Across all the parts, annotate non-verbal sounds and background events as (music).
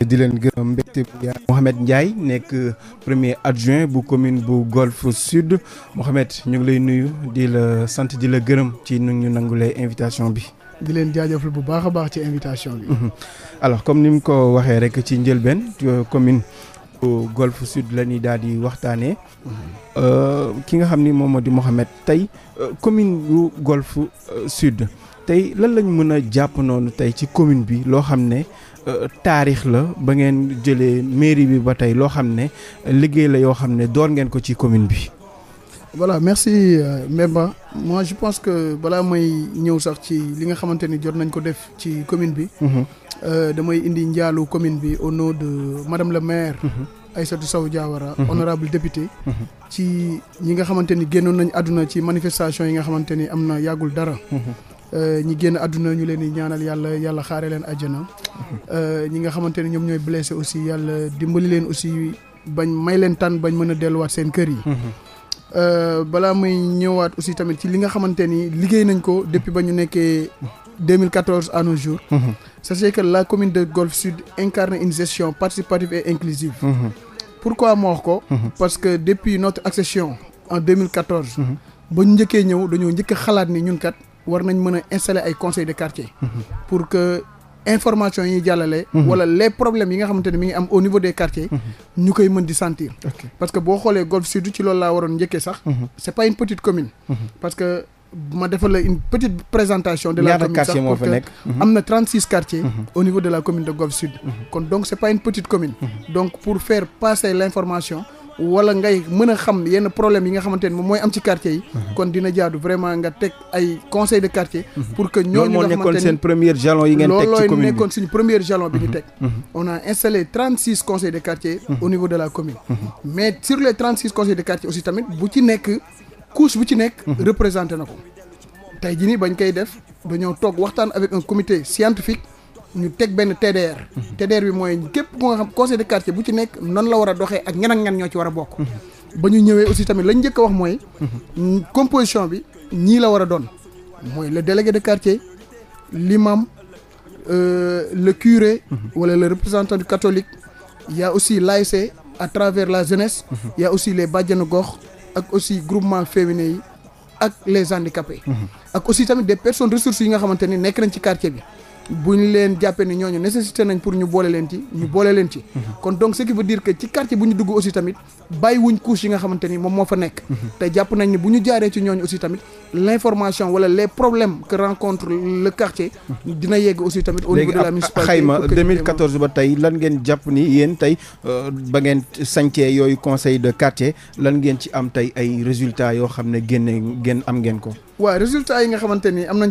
di leen gërëm mbégte bu yaa Mouhamed Ndiaye nekk premier adjoint bu commune bu Golf Sud Mouhamed ñu ngi lay nuyu di la sant di la gërëm ci nu ñu nangule invitation bi. di leen jaajëfal bu baax a baax ci invitation bi. Mhm. alors comme ni ko waxee rek ci njëlbeen euh, commune bu Golf Sud la ñuy daal di waxtaanee. Mhm. Euh, ki nga xam ni moom moo di Mouhamed tey euh, commune bu Golf Sud tey lan lañ mën jàpp noonu tey ci commune bi loo xam ne. Euh, taarix la ba ngeen jëlee mairie bi ba tey loo xam ne liggéey la yoo xam ne door ngeen ko ci commune bi. voilà merci euh, Mbemba moi je pense que balaa may ñëw sax ci li nga xamante ni jot nañ ko def ci commune bi. Mhm. Euh, damay indi njaalu commune bi au nom de madame la maire. Mhm. Aïssatou Sow Diawara. Mhm. honorable député. ci ñi nga xamante ni génnoon nañ àdduna ci manifestation yi nga xamante ni am na yàggul dara. Euh, ñi génn àdduna ñu leen di ñaanal yàlla yàlla xaare leen àjjana euh, ñi nga xamante ne ñoom ñooy blessé aussi yàlla dimbali leen aussi bañ may leen tànn bañ mën a delluwaat seen kër yi. Euh, balaa may ñëwaat aussi tamit ci li nga xamante ni liggéey nañ ko depuis ba ñu nekkee 2014 à nos jours. la commune de Golf Sud incarne une gestion participative et inclusive. pourquoi ma wax ko. parce que depuis notre accession en 2014. ba ñu njëkkee ñëw dañoo njëkk a xalaat ni ñun kat. war nañ mën a installer ay conseil de quartier. Mhm. pour que information yi jàllale. Mhm. wala les problèmes yi nga xamante ne mi ngi am au niveau des quartiers. Mhm. ñu koy mën di sentir. parce que boo xoolee Golf Sud ci loolu laa waroon njëkkee sax. c'est pas une petite commune. parce que ma defal la une petite présentation. de la commune sax pour que am na 36 quartiers. au niveau de la commune de Golf Sud. kon donc c'est pas une petite commune. donc pour faire passer wala ngay mën a xam yenn problème yi nga xamante ne moom mooy am ci quartier yi. Mhm. kon dina jaadu vraiment nga teg ay conseil de quartier. Mhm. pour que ñooñu nga xamante ni loolu moo nekkoon seen premier jalon yi ngeen teg ci commune bi looloo nekkoon suñu premier jalon bi ñu mhm. teg. on a installé 36 conseils de quartier. au niveau de la commune. mais sur les 36 conseils de quartier aussi tamit bu ci nekk couche bu ci nekk. représenté na ko. tey jii nii bañ koy def dañoo toog waxtaan avec un comité scientifique. ñu teg benn TDR. TDR bi mooy képp ku nga xam conseil de quartier bu ci nekk noonu la war a doxee ak ñan ak ñoo ci war a bokk. ba ñu ñëwee aussi tamit lañ jëkk a wax mooy. composition bi ñii la war a doon. mooy le délégué de quartier l'imam euh, le curé. wala le représentant du catholique. y a aussi l'ASC à travers la jeunesse. y aussi les bàjjenu gox ak aussi groupement féminin yi ak les handicapés. ak aussi tamit de personnes ressources yi nga xamante ni nekk nañ ci quartier bi. bu ñu leen jàppee ni ñooñu nécessité nañ pour ñu boole leen ci ñu boole leen ci kon donc ce qui veut ci quartier bu ñu dugg aussi tamit bàyyi wuñ yi nga xamante ni moom moo fa nekk te jàpp nañ ni bu ñu jaaree ci ñooñu aussi tamit l'information wala les problèmes que rencontre le quartier dina yegg aussi tamit au niveau de la municipalité xayma 2014 ba tey lan ngeen jàpp ni yéen tey euh, ba ngeen sancee yooyu conseil de quartier lan ngeen ci am tey ay résultats yoo xam ne génne génn am ngeen ko yi nga xamante ni am nañ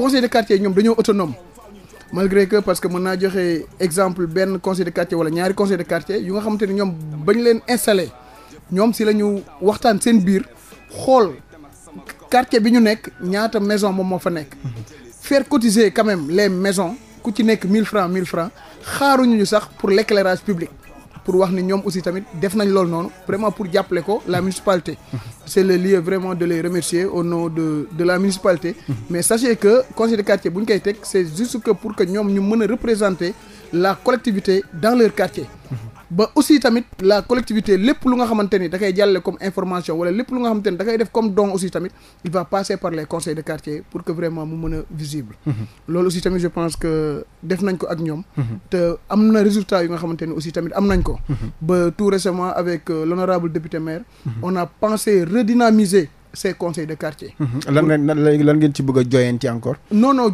conseil de quartier ñoom dañoo autonome malgré que parce que mën naa joxe exemple benn conseil de quartier wala ñaari conseil de quartier yu nga xamante ñoom bañ leen installé ñoom si la ñu waxtaan seen biir xool quartier bi ñu nekk ñaata maison moom moo fa nekk. faire cotiser quand même les maisons ku ci nekk mille francs mille francs xaaruñu ñu sax pour l'éclairage public. pour wax ni ñoom aussi tamit def nañ loolu noonu vraiment pour jàppale ko la municipalité mhm. c'est le lieu vraiment de les remercier au nom de de la municipalité mhm. mais sachez que conseil de quartier bu ñu koy teg c'est juste que pour que ñoom ñu mën a représenté la collectivité dans leur quartier mhm. ba aussi tamit la collectivité lépp lu nga xamante ni da koy jàlle comme information wala lépp lu nga xamante ni da koy def comme don aussi tamit il va passer par les conseils de quartier pour que vraiment mu mën a visible mhm. loolu aussi tamit je pense que def nañ ko ak ñoom mhm. te am na résultat yu nga xamante ni aussi tamit am nañ ko mhm. ba tout récemment avec euh, l'honorable député maire on a pensé redynamiser ces conseils de quartier. Mhm. lan ngeen lan ngeen ci bëgg a joyanti encore. non non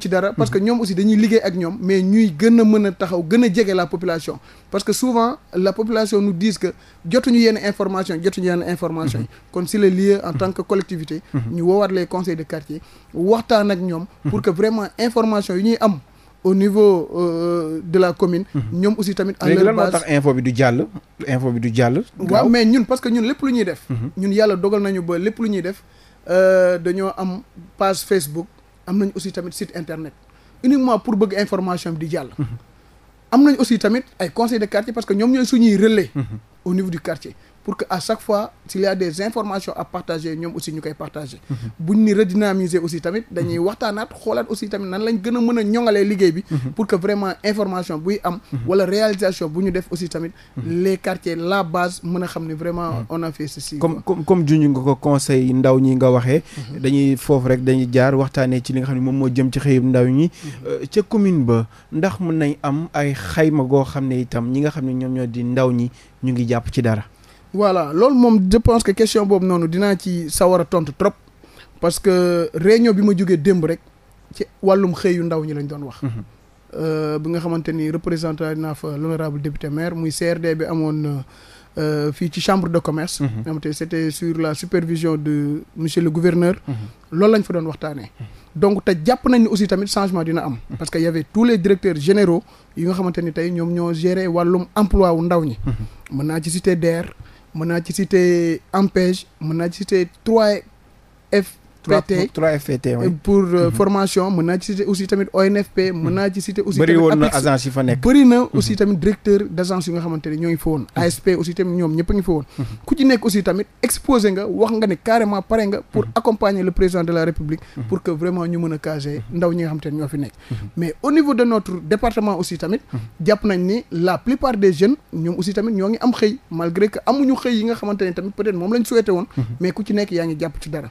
ci dara. parce que ñoom aussi dañuy liggéey ak ñoom. mais ñuy gën a mën a taxaw gën a jege la population. parce que souvent la population nous dit que jotuñu yenn information jotuñu yenn information yi. Mhm. kon si le lieu en mhm. tant que collectivité. ñu woowaat les conseils de quartier waxtaan ak ñoom. pour que vraiment information yi ñuy am. au niveau euh, euh, de la commune. Mhm. ñoom aussi tamit. à leur base tax info bi du jàll. info bi du jàll. waaw mais ñun parce que ñun lépp lu ñuy def. Mhm. ñun yàlla dogal nañu ba lépp lu ñuy def euh, dañoo am page Facebook am nañu aussi tamit site internet uniquement pour bëgg information bi di jàll. Mhm. am nañu aussi tamit ay conseil de quartier parce que ñoom ñooy suñuy relais. au niveau du quartier. pour que à chaque fois s'il y a des informations à partager ñoom aussi ñu koy partager. Mhm. buñ ni redynamiser aussi tamit dañuy waxtaanaat xoolaat aussi tamit nan lañ gën a mën a ñoŋalee liggéey bi. Mhm. pour que vraiment information buy am. Mhm. wala réalisation bu ñu def aussi tamit. les quartiers la base mën a xam ni vraiment on a fait ceci. comme comme comme ñu nga ko conseil ndaw ñi nga waxee. dañuy foofu rek dañuy jaar waxtaanee ci li nga xam ne moom moo jëm ci xëyub ndaw ñi. Euh, ca commune ba ndax mën nañ am ay xayma goo xam ne itam ñi nga xam ne ñoom ñoo di ndaw ñi ñu ngi jàpp ci dara. voilà loolu moom je pense que question boobu noonu dinaa ci sawar tontu trop parce que réunion bi ma jógee démb rek ci wàllum xëy yu ndaw ñi lañu doon wax. Mhm. Euh, bi nga xamante ni représentant naa fa l'honorable député maire muy CRD bi amoon. Euh, fii ci chambre de commerce. Mhm. xam te c'était sur la supervision de monsieur le gouverneur. Mhm. loolu lañ fa doon waxtaanee. donc te jàpp nañ ni aussi tamit changement dina am. parce que y avait tous les directeurs généraux yi nga xamante ni tey ñoom ñoo gérer wàllum emploi wu ndaw ñi. mën naa ci citer DER. mën naa ci citer AMPEJ mën naa ci citer f PT 3FPT pour euh, mhm. formation mën naa ci citer tamit ONFP mën mhm. naa ci citer aussi bëri woon na agence yi fa nekk bëri na mhm. aussi tamit directeur d' agence nga xamante ne ñoo ngi fa woon ASP aussi tamit ñoom ñëpp a ngi fa woon ku ci nekk aussi tamit exposé nga wax nga ne carrément pare nga pour accompagner le président de la République pour que vraiment ñu mën a caser ndaw ñi nga xamante ne ñoo fi nekk mais au niveau de notre département aussi tamit jàpp nañ ni la plupart des jeunes ñoom aussi tamit ñoo ngi am xëy malgré que amuñu xëy yi nga xamante ne tamit peut-être moom lañ souhaité woon mais ku ci nekk yaa ngi jàpp ci dara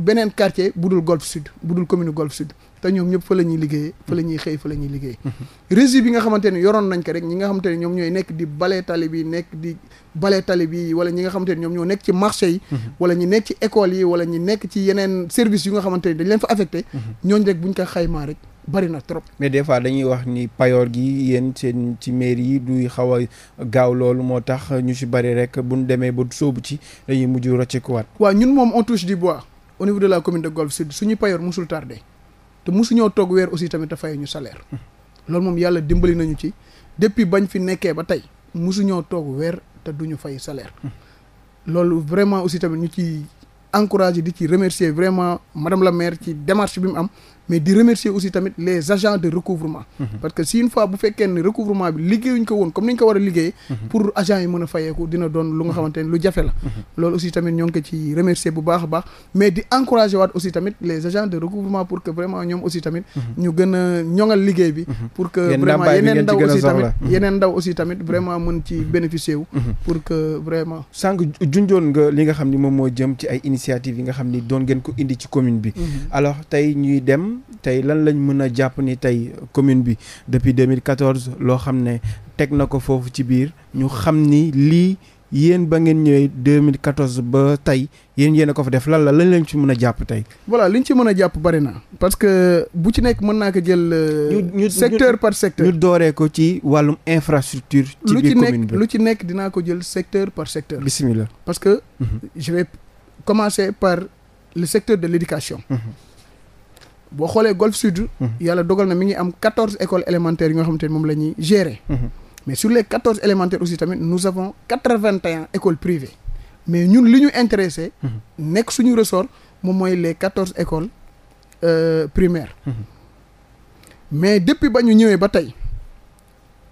beneen quartier bu dul Golf Sud bu dul commune Golf Sud te ñoom ñëpp fa la ñuy liggéeyee fa la ñuy xëy fa la ñuy liggéey mhm. rési bi nga xamante ne yoroon nañ ko rek ñi nga xamante ne ñoom ñooy nekk di bale tali bi nekk di bale tali bi wala ñi nga xamante ne ñoom ñoo nekk ci marché yi mhm. wala ñi nekk ci école yi wala ñi nekk ci yeneen service yu nga xamante ne dañ leen fa affecté mhm. ñooñ rek buñ ko xaymaa rek bari na trop mais des fois dañuy wax ni payoor gi yéen seen ci mairie yi duy xaw a gaaw loolu moo tax ñu si bari rek buñ demee ba sóobu ci dañuy mujj rocceekuwaat waaw ñun moom on touche du au de la commune de Golf Sud suñu payoor musul tardé te musuñoo toog weer aussi tamit te ñu salaire hmm. loolu moom yàlla dimbali nañu ci depuis bañ fi nekkee ba tey musuñoo toog weer te duñu fay salaire hmm. loolu vraiment aussi tamit ñu ci encouragé di ci remercier vraiment madame la maire ci démarche bi mu am mais di remercier aussi tamit les agents de recouvrement mhm. parce que si une fois bu fekkee ne recouvrement bi liggéeyuñ ko woon comme ni ñu ko war a liggéey mhm. pour agent yi mën a fayeeku dina doon lu nga mhm. xamante ne lu jafe la loolu aussi tamit ñoo ngi ko ci remercier bu baax a baax mais di encourager waat aussi tamit les agents de recouvrement pour que vraiment ñoom aussi tamit ñu gën a ñoŋal liggéey bi pour que vraiment yeneen ndaw aussi tamit yeneen ndaw aussi tamit vraiment mën ci bénéficier wu pour que vraiment sànq junjoon nga li nga xam ni moom moo jëm ci ay initiative yi nga xam ni doon ngeen ko indi ci commune bi alors tey ñuy dem tey lan lañ mën a jàpp ni tey commune bi depuis 2014 loo xam ne teg na ko foofu ci biir ñu xam ni lii yéen ba ngeen ñëwee mille 2014 ba tey yéen yéen a ko fa def lan la lañ lañ ci mën a jàpp tey. voilà ñu ci mën a jàpp bari na. parce que bu ci nekk mën naa ko jël. Euh, secteur par secteur. ñu dooree ko ci wàllum infrastructure. ci biir commune bi lu ci nekk dinaa ko jël secteur par secteur. bismillah parce que. Mhm. je vais commencer par le secteur de l'éducation. mm boo xoolee Golf Sud. Mhm. yàlla dogal na mi ngi am quatorze écoles élémentaires yi nga xamante ne moom la ñuy gérer. Mhm. mais sur les quatorze élémentaires aussi tamit nous avons quatre-vingt-un écoles privées mais ñun li ñu intéressé. Mhm. nekk suñu ressort moom mooy les quatorze écoles euh, primaires. Mmh. mais depuis ba ñu ñëwee ba tey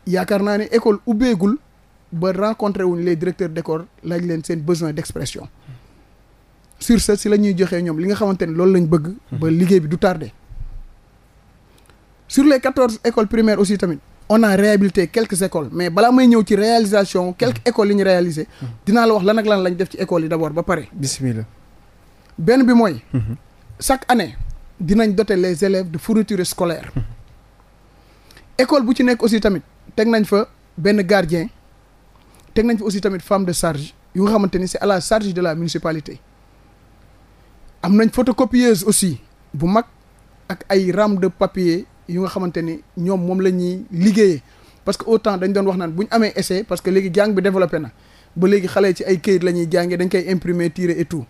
yaakaar naa ne école ubbeegul ba rencontré wuñ les directeurs d'école laaj leen seen besoin d'expression. sur ce si la ñuy joxee ñoom li nga xamante ni loolu lañu bëgg. ba mhm. liggéey bi du tardé. sur les quatorze écoles primaires aussi tamit on a réhabilité quelques école mais balaa may ñëw ci réalisation quelques mhm. école yi ñu réalisé. Mhm. dinaa la wax lan ak lan def ci écoles yi d' abord ba pare. benn bi mooy. chaque année dinañ doter les élèves de fourniture scolaire. école bu ci nekk aussi tamit teg nañ fa benn gardien teg nañ fa aussi tamit femme de charge yu nga xamante ni c' est la charge de la municipalité. am nañ photocopieuse aussi bu mag ak ay ram de papier yu nga xamante ni ñoom moom la ñuy liggéeyee parce que temps dañ doon wax naan bu ñu amee essai parce que léegi jàng bi développé na ba léegi xale ci ay këyit lañuy ñuy jàngee dañ koy imprimer tirer et tout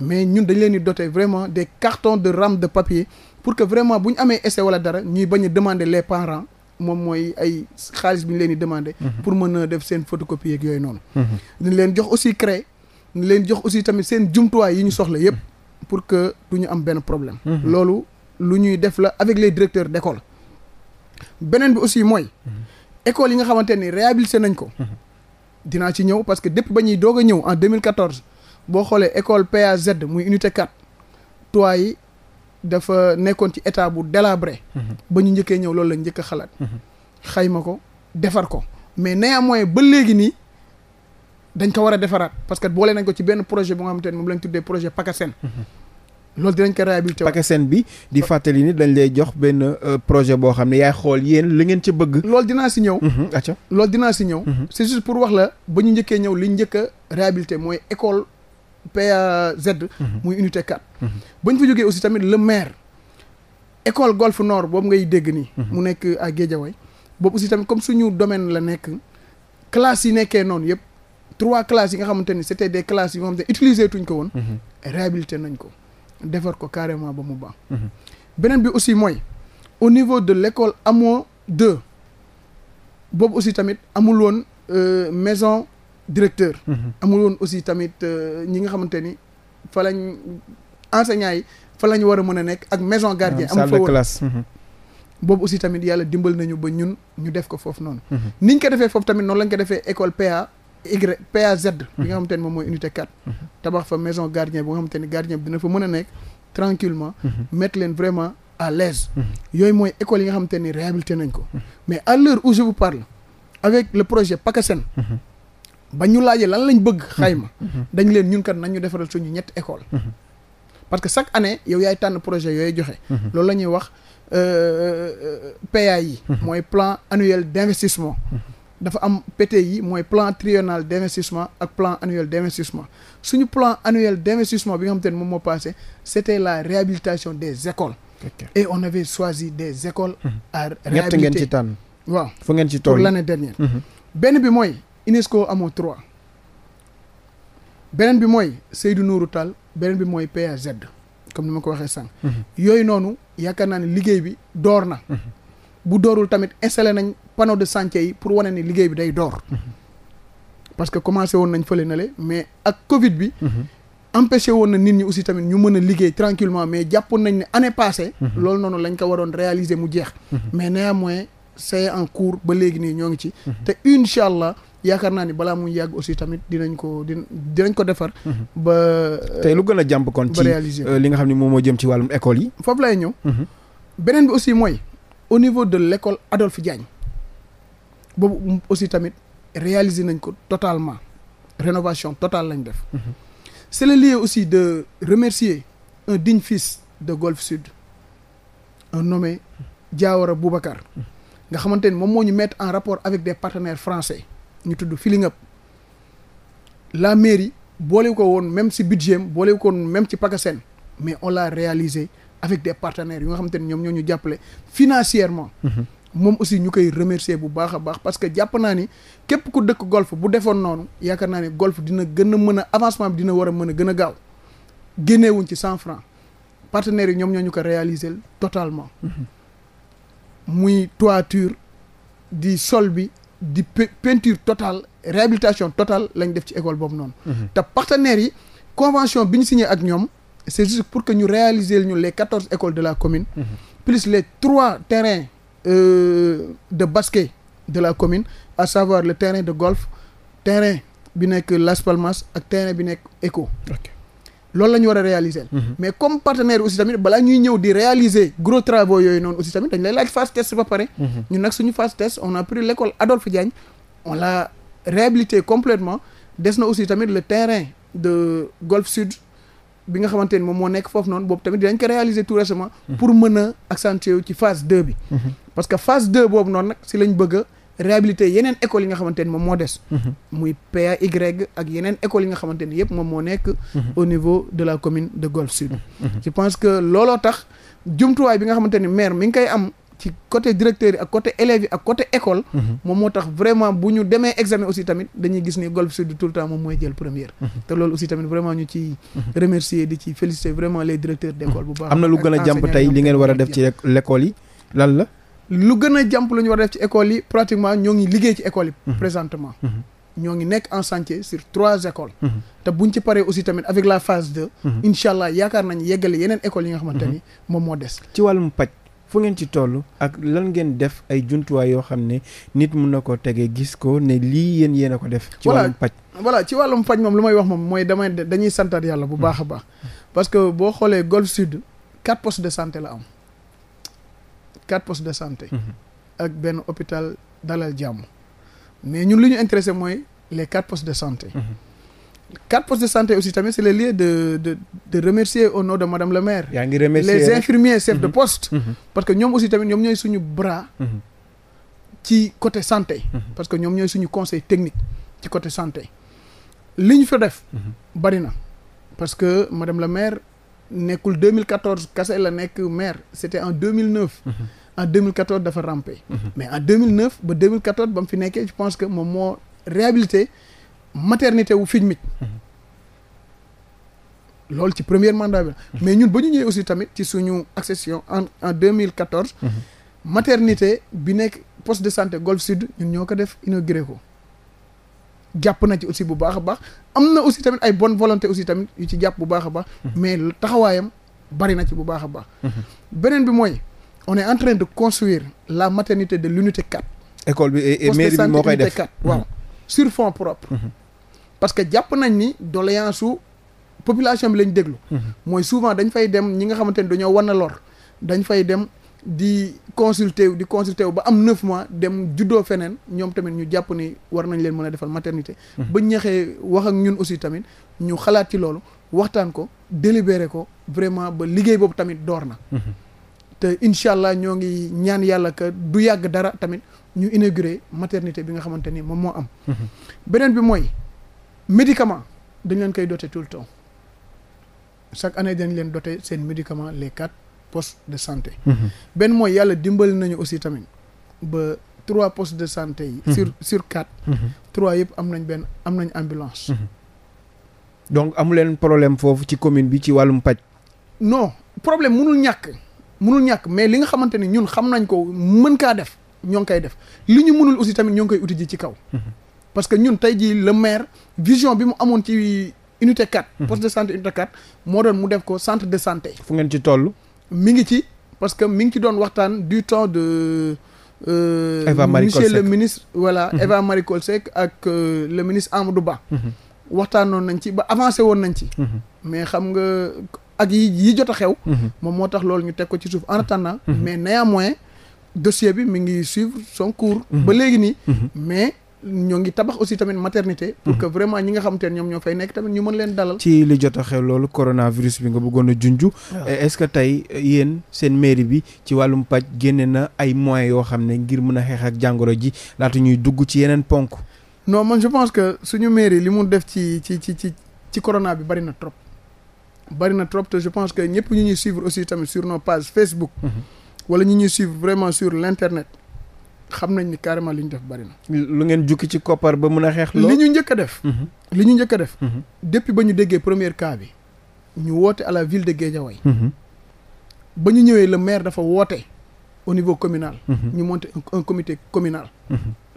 mais ñun dañ leen di doter vraiment des cartons de rame de papier pour que vraiment bu ñu amee essai wala dara ñuy bañ demande demander les parents moom mooy ay xaalis bi ñu leen di demander. Mhm. pour mën a def seen photocopie yeeg yooyu noonu. Mhm. dañ leen jox aussi craie. leen jox aussi tamit seen jumtuwaay yi ñu soxla yépp pour que du ñu am benn problème. Mhm. loolu lu ñuy def la avec les directeurs d' beneen bi aussi mooy. Mhm. école yi nga xamante ni réhabilité nañ ko. Mhm. dinaa ci ñëw parce que depuis ba ñuy doog a ñëw en 2014 boo xoolee école PAZ muy unité 4 toit yi dafa nekkoon ci état bu délabré. ba ñu njëkkee ñëw loolu la njëkk a xalaat. xayma ko defar ko mais néanmoins ba léegi nii dañ ko war a defaraat parce que boole nañ ko ci benn projet bu nga xamante ni moom la tuddee projet PACASEN. loolu dinañ ko réhabilité pakesen bi di fàttali ni dañ lay jox benn euh, projet boo xam ne yaay xool yéen li ngeen ci bëgg loolu dinaa si ñëw mhm, acca loolu dinaa si ñëw mhm. c'est juste pour wax la ba ñu njëkkee ñëw li njëkk a réhabilité mooy école PAZ mhm. muy unité 4 ba ñu fa jógee aussi tamit le maire école golf nord boobu ngay dégg nii mu nekk à Guédiawaye boobu aussi tamit comme suñu domaine la nekk classes yi nekkee noonu yëpp trois classes yi nga xamante ni c'était des classes yi utiliser tuñ ko woon réhabilité nañ ko defar ko carrément ba mu baax. Mhm. beneen bi aussi mooy au niveau de l' amoo deux boobu aussi tamit amul woon euh, maison directeur. Mhm. amul woon aussi tamit euh, ñi nga xamante ni fa lañ enseignants yi fa lañ war a mën a nekk ak maison gardien. am fa woon mhm. boobu aussi tamit yàlla dimbal nañu ba ñun ñu def ko foof noonu. niñ ko defee foofu tamit noonu lañ ko defee école PA. Y PAZ. bi nga xam ne moom mooy unité 4. tabax fa maison gardien bi nga xamante ne gardien bi dina fa mën a nekk tranquillement mettre leen vraiment à l'aise yooyu mooy école yi nga xamante ne réhabilité nañ ko mais à l'heure où je vous parle avec le projet PACASEN ba ñu laajee lan lañ bëgg xayma dañ leen ñun kat nañu defaral suñu ñett école parce que chaque année yow yaay tànn projet yooy joxe loolu la ñuy wax euh, euh, euh, PAI yi mooy plan annuel d'investissement dafa am PTI mooy plan triennal d' investissement ak plan annuel d' suñu plan annuel d' bi nga xam te ne moom moo passé c' la réhabilitation des écoles. Okay. et on avait choisi des écoles. Mhm. à réhabiliter ngeen ci tànn. waaw fu ngeen ci toll pour l' mhm. benn bi mooy UNESCO amoo trois beneen bi mooy Seydou Nourou Tall beneen bi mooy PAZ comme ni ma ko waxee sànq. Mhm. yooyu noonu yaakaar naa ne liggéey bi door na. bu doorul tamit installé nañ panneau de chantier yi pour wane ni liggéey bi day door. parce que commencé woon nañ fële na le mais ak Covid bi. empêché woon na nit ñi aussi tamit ñu mën a liggéey tranquillement mais jàppoon nañ ne année passée. loolu noonu lañ ko waroon réaliser mu jeex. mais néanmoins c'est en cours ba léegi nii ñoo ngi ci. te incha allah yaakaar naa ni balaa muñ yàgg aussi tamit dinañ ko dinañ ko defar. ba euh, tey lu gën a jàmp kon. ci euh, li nga xam ne moom moo jëm ci wàllum école yi. foofu lay ñëw. Mhm. beneen bi aussi mooy au niveau de l'école Adolphe Diagne. boobu aussi tamit réaliser nañ ko totalement rénovation totale lañu def. Mhm. c'est le lieu aussi de remercier un digne fils de Golf Sud un nommé Diawara Boubacar. nga xamante ni moom moo ñu mettre en rapport avec des partenaires français ñu tudd Feeling Up la mairie boole ko woon même si budget am boole ko woon même ci PACASEN mais on l'a réaliser avec des partenaires yu nga xamante ni ñoom ñoo ñu jàppale financièrement. Mhm. moom aussi ñu koy remercier bu baax a baax parce que jàpp naa ni képp ku dëkk golf bu defoon noonu yaakaar naa ni golf dina gën a mën a avancement bi dina war a mën a gën a gaaw génneewuñ ci cent franc partenaires yi ñoom ñoo ñu ko réaliser totalement. Mm-hmm. muy toiture di sol bi di pe peinture totale réhabilitation totale lañu def ci école boobu noonu. Mm-hmm. te partenaires yi convention bi ñu signé ak ñoom c' est pour que ñu réaliser ñu les quatorze écoles de la commune. Mm-hmm. plus les trois terrains. Euh, de basket de la commune à savoir le terrain de golf terrain bi nekk Las Palmas ak terrain bi nekk Eco loolu la ñu war a réaliser. Mhm. mais comme partenaire aussi tamit balaa ñuy ñëw di réaliser gros travaux yooyu noonu aussi tamit dañ lay laaj phase test ba pare. Mhm. ñun nag suñu phase test on a pris l' école Adolphe Diagne on l'a réhabilité complètement des na aussi tamit le terrain de Golf Sud. bi nga xamante ni moom moo nekk foofu noonu boobu tamit dinañ ko réaliser tout récemment pour mën a accentuer ci phase 2 bi parce que phase 2 boobu noonu nag si lañ bëgg a yeneen écoles yi nga xamante moom moo des muy PAY ak yeneen écoles yi nga xamante ni moom moo nekk au niveau de la commune de Golf Sud mhm. je pense que looloo tax jumtuwaay bi nga xamante maire mi ngi am ci côté directeur yi ak côté élèves école mhm. moom moo tax vraiment bu ñu demee examen aussi tamit dañuy gis ni Golf Sud tout le temps moom mooy jël première mhm. te loolu aussi tamit vraiment ñu ci mhm. remercier di ci féliciter vraiment les directeurs d'école bu baax am na lu gën a jàmp tey li ngeen war a def ci l'école yi lan la lu gën a jàmp lu ñu war a def ci école yi pratiquement ñoo ngi liggéey ci école yi présentement ñoo ngi nekk en chantier sur trois écoles te buñ ci paree aussi tamit avec la phase deux incha allah nañ yeggale yeneen écoles yi nga xamante ni moom moo des ci wàllum fu ngeen ci toll ak lan ngeen def ay jumtuwaay yoo xam ne nit mun na koo tegee gis ko ne lii yéen yéen a ko def. ci wàllum paj voilà ci wàllum paj moom lu may wax moom mooy damay dañuy santaat yàlla bu baax a baax. Mm. parce que boo xoolee Golf Sud quatre postes de santé la am quatre postes de santé. Mm-hmm. ak benn hôpital Dalal Jàmm mais ñun li ñu intéressé mooy les quatre postes de santé. Mm-hmm. quatre postes de santé aussi tamit c'est le lieu de de de remercier au nom de madame le maire. yaa ngi remercier les infirmiers chefs de mhm. poste. Mhm. parce que ñoom aussi tamit ñoom ñooy suñu bras. Mhm. ci côté santé. parce que ñoom ñooy suñu conseil technique ci côté santé. li ñu fa def. bari na parce que madame la maire nekkul 2014 kase la nekk maire c'était en 2009. en 2014 dafa rampé. mais en 2009 ba 2014 ba mu fi nekkee je pense que moom moo réhabilité. maternité wu fiñ mi loolu ci premier mandat bi mais ñun ba ñu ñëwee aussi tamit ci suñu accession en en 2014. maternité bi nekk poste de santé Golf Sud ñun ñoo ko def inauguré ko. jàpp na ci aussi bu baax a baax am na aussi tamit ay bonne volonté aussi tamit yu ci jàpp bu baax a baax. mais taxawaayam bari na ci bu baax a baax. beneen bi mooy on est en de construire la maternité de l'unité 4. école bi et moo koy def de santé unité 4 waaw sur fonds propres. Mhm. parce que jàpp nañ ni doléance su population bi lañ déglu. Mhm. mooy souvent dañ fay dem ñi nga xamante ni dañoo wan na lor dañ fay dem di consulter wu di consulter wu ba am neuf mois dem juddoo feneen ñoom tamit ñu jàpp ni war nañ leen mën a defal maternité. Mhm. ba ñaxee wax ak ñun aussi tamit ñu xalaat ci loolu waxtaan ko délibéré ko vraiment ba liggéey boobu tamit door na. Mhm. te incha allah ñoo ngi ñaan yàlla ko du yàgg dara tamit ñu inauguré maternité bi nga xamante ni moom moo am. beneen bi mooy. médicament dañ leen koy doter tout le temps chaque année dañ leen dote seen médicament les quatre postes de santé. Mhm. benn mooy yàlla dimbali nañu aussi tamit ba trois postes de santé yi. Mhm. sur sur quatre. Mhm. trois yëpp am nañ benn am nañ ambulance. donc amu leen problème foofu ci commune bi ci wàllum paj non problème munul ñàkk munul ñàkk mais li nga xamante ni ñun xam nañ ko mën kaa def ñoo ngi koy def li ñu munul aussi tamit ñoo ngi koy uti ji ci kaw. parce que ñun tey jii le maire vision bi mu amoon ci unité 4. Mhm. poste de santé unité 4 moo doon mu def ko centre de santé. fu ngeen ci tollu mi ngi ci parce que mi ngi ci doon waxtaan du temps de. Euh, Eva le ministre voilà mm -hmm. Eva Marie Coll Seck ak euh, le ministre Amadou Ba. Mhm. waxtaanoon nañ ci ba avancé woon nañ ci. Mhm. mais xam nga ak yi yi jot a xew. moom moo tax loolu ñu teg ko ci suuf en attendant. mais néanmoins dossier bi mi ngi suivre son cours. ba léegi nii. ñoo ngi tabax aussi tamit maternité. pour mhm. que vraiment ñi nga xam te ne ñoom ñoo fay nekk tamit ñu mën leen dalal. ci li jot a xew loolu coronavirus bi nga bëggoon a junj. est-ce que tey euh, yéen seen mairie bi ci wàllum paj génne na ay moyens yoo xam ne ngir mën a xeex ak jàngoro ji laata ñuy dugg ci yeneen ponk. non man je pense que suñu mairie li mu def ci ci ci ci ci corona bi bari na trop. bari na trop te je pense que ñëpp ñu ñuy suivre aussi tamit sur nos pages Facebook. Mhm. wala ñu ñuy suivre vraiment sur l'internet. xam nañ ni carrément li ñu def bari na. lu ngeen jukki ci koppar ba mun a xeex. li ñu njëkk def. Mhm. li ñu njëkk def. Mhm. depuis ba ñu déggee première cas bi ñu woote à la ville de Guédiawaye. Mhm. ba ñu ñëwee le maire dafa woote au niveau communal. ñu monter un communal.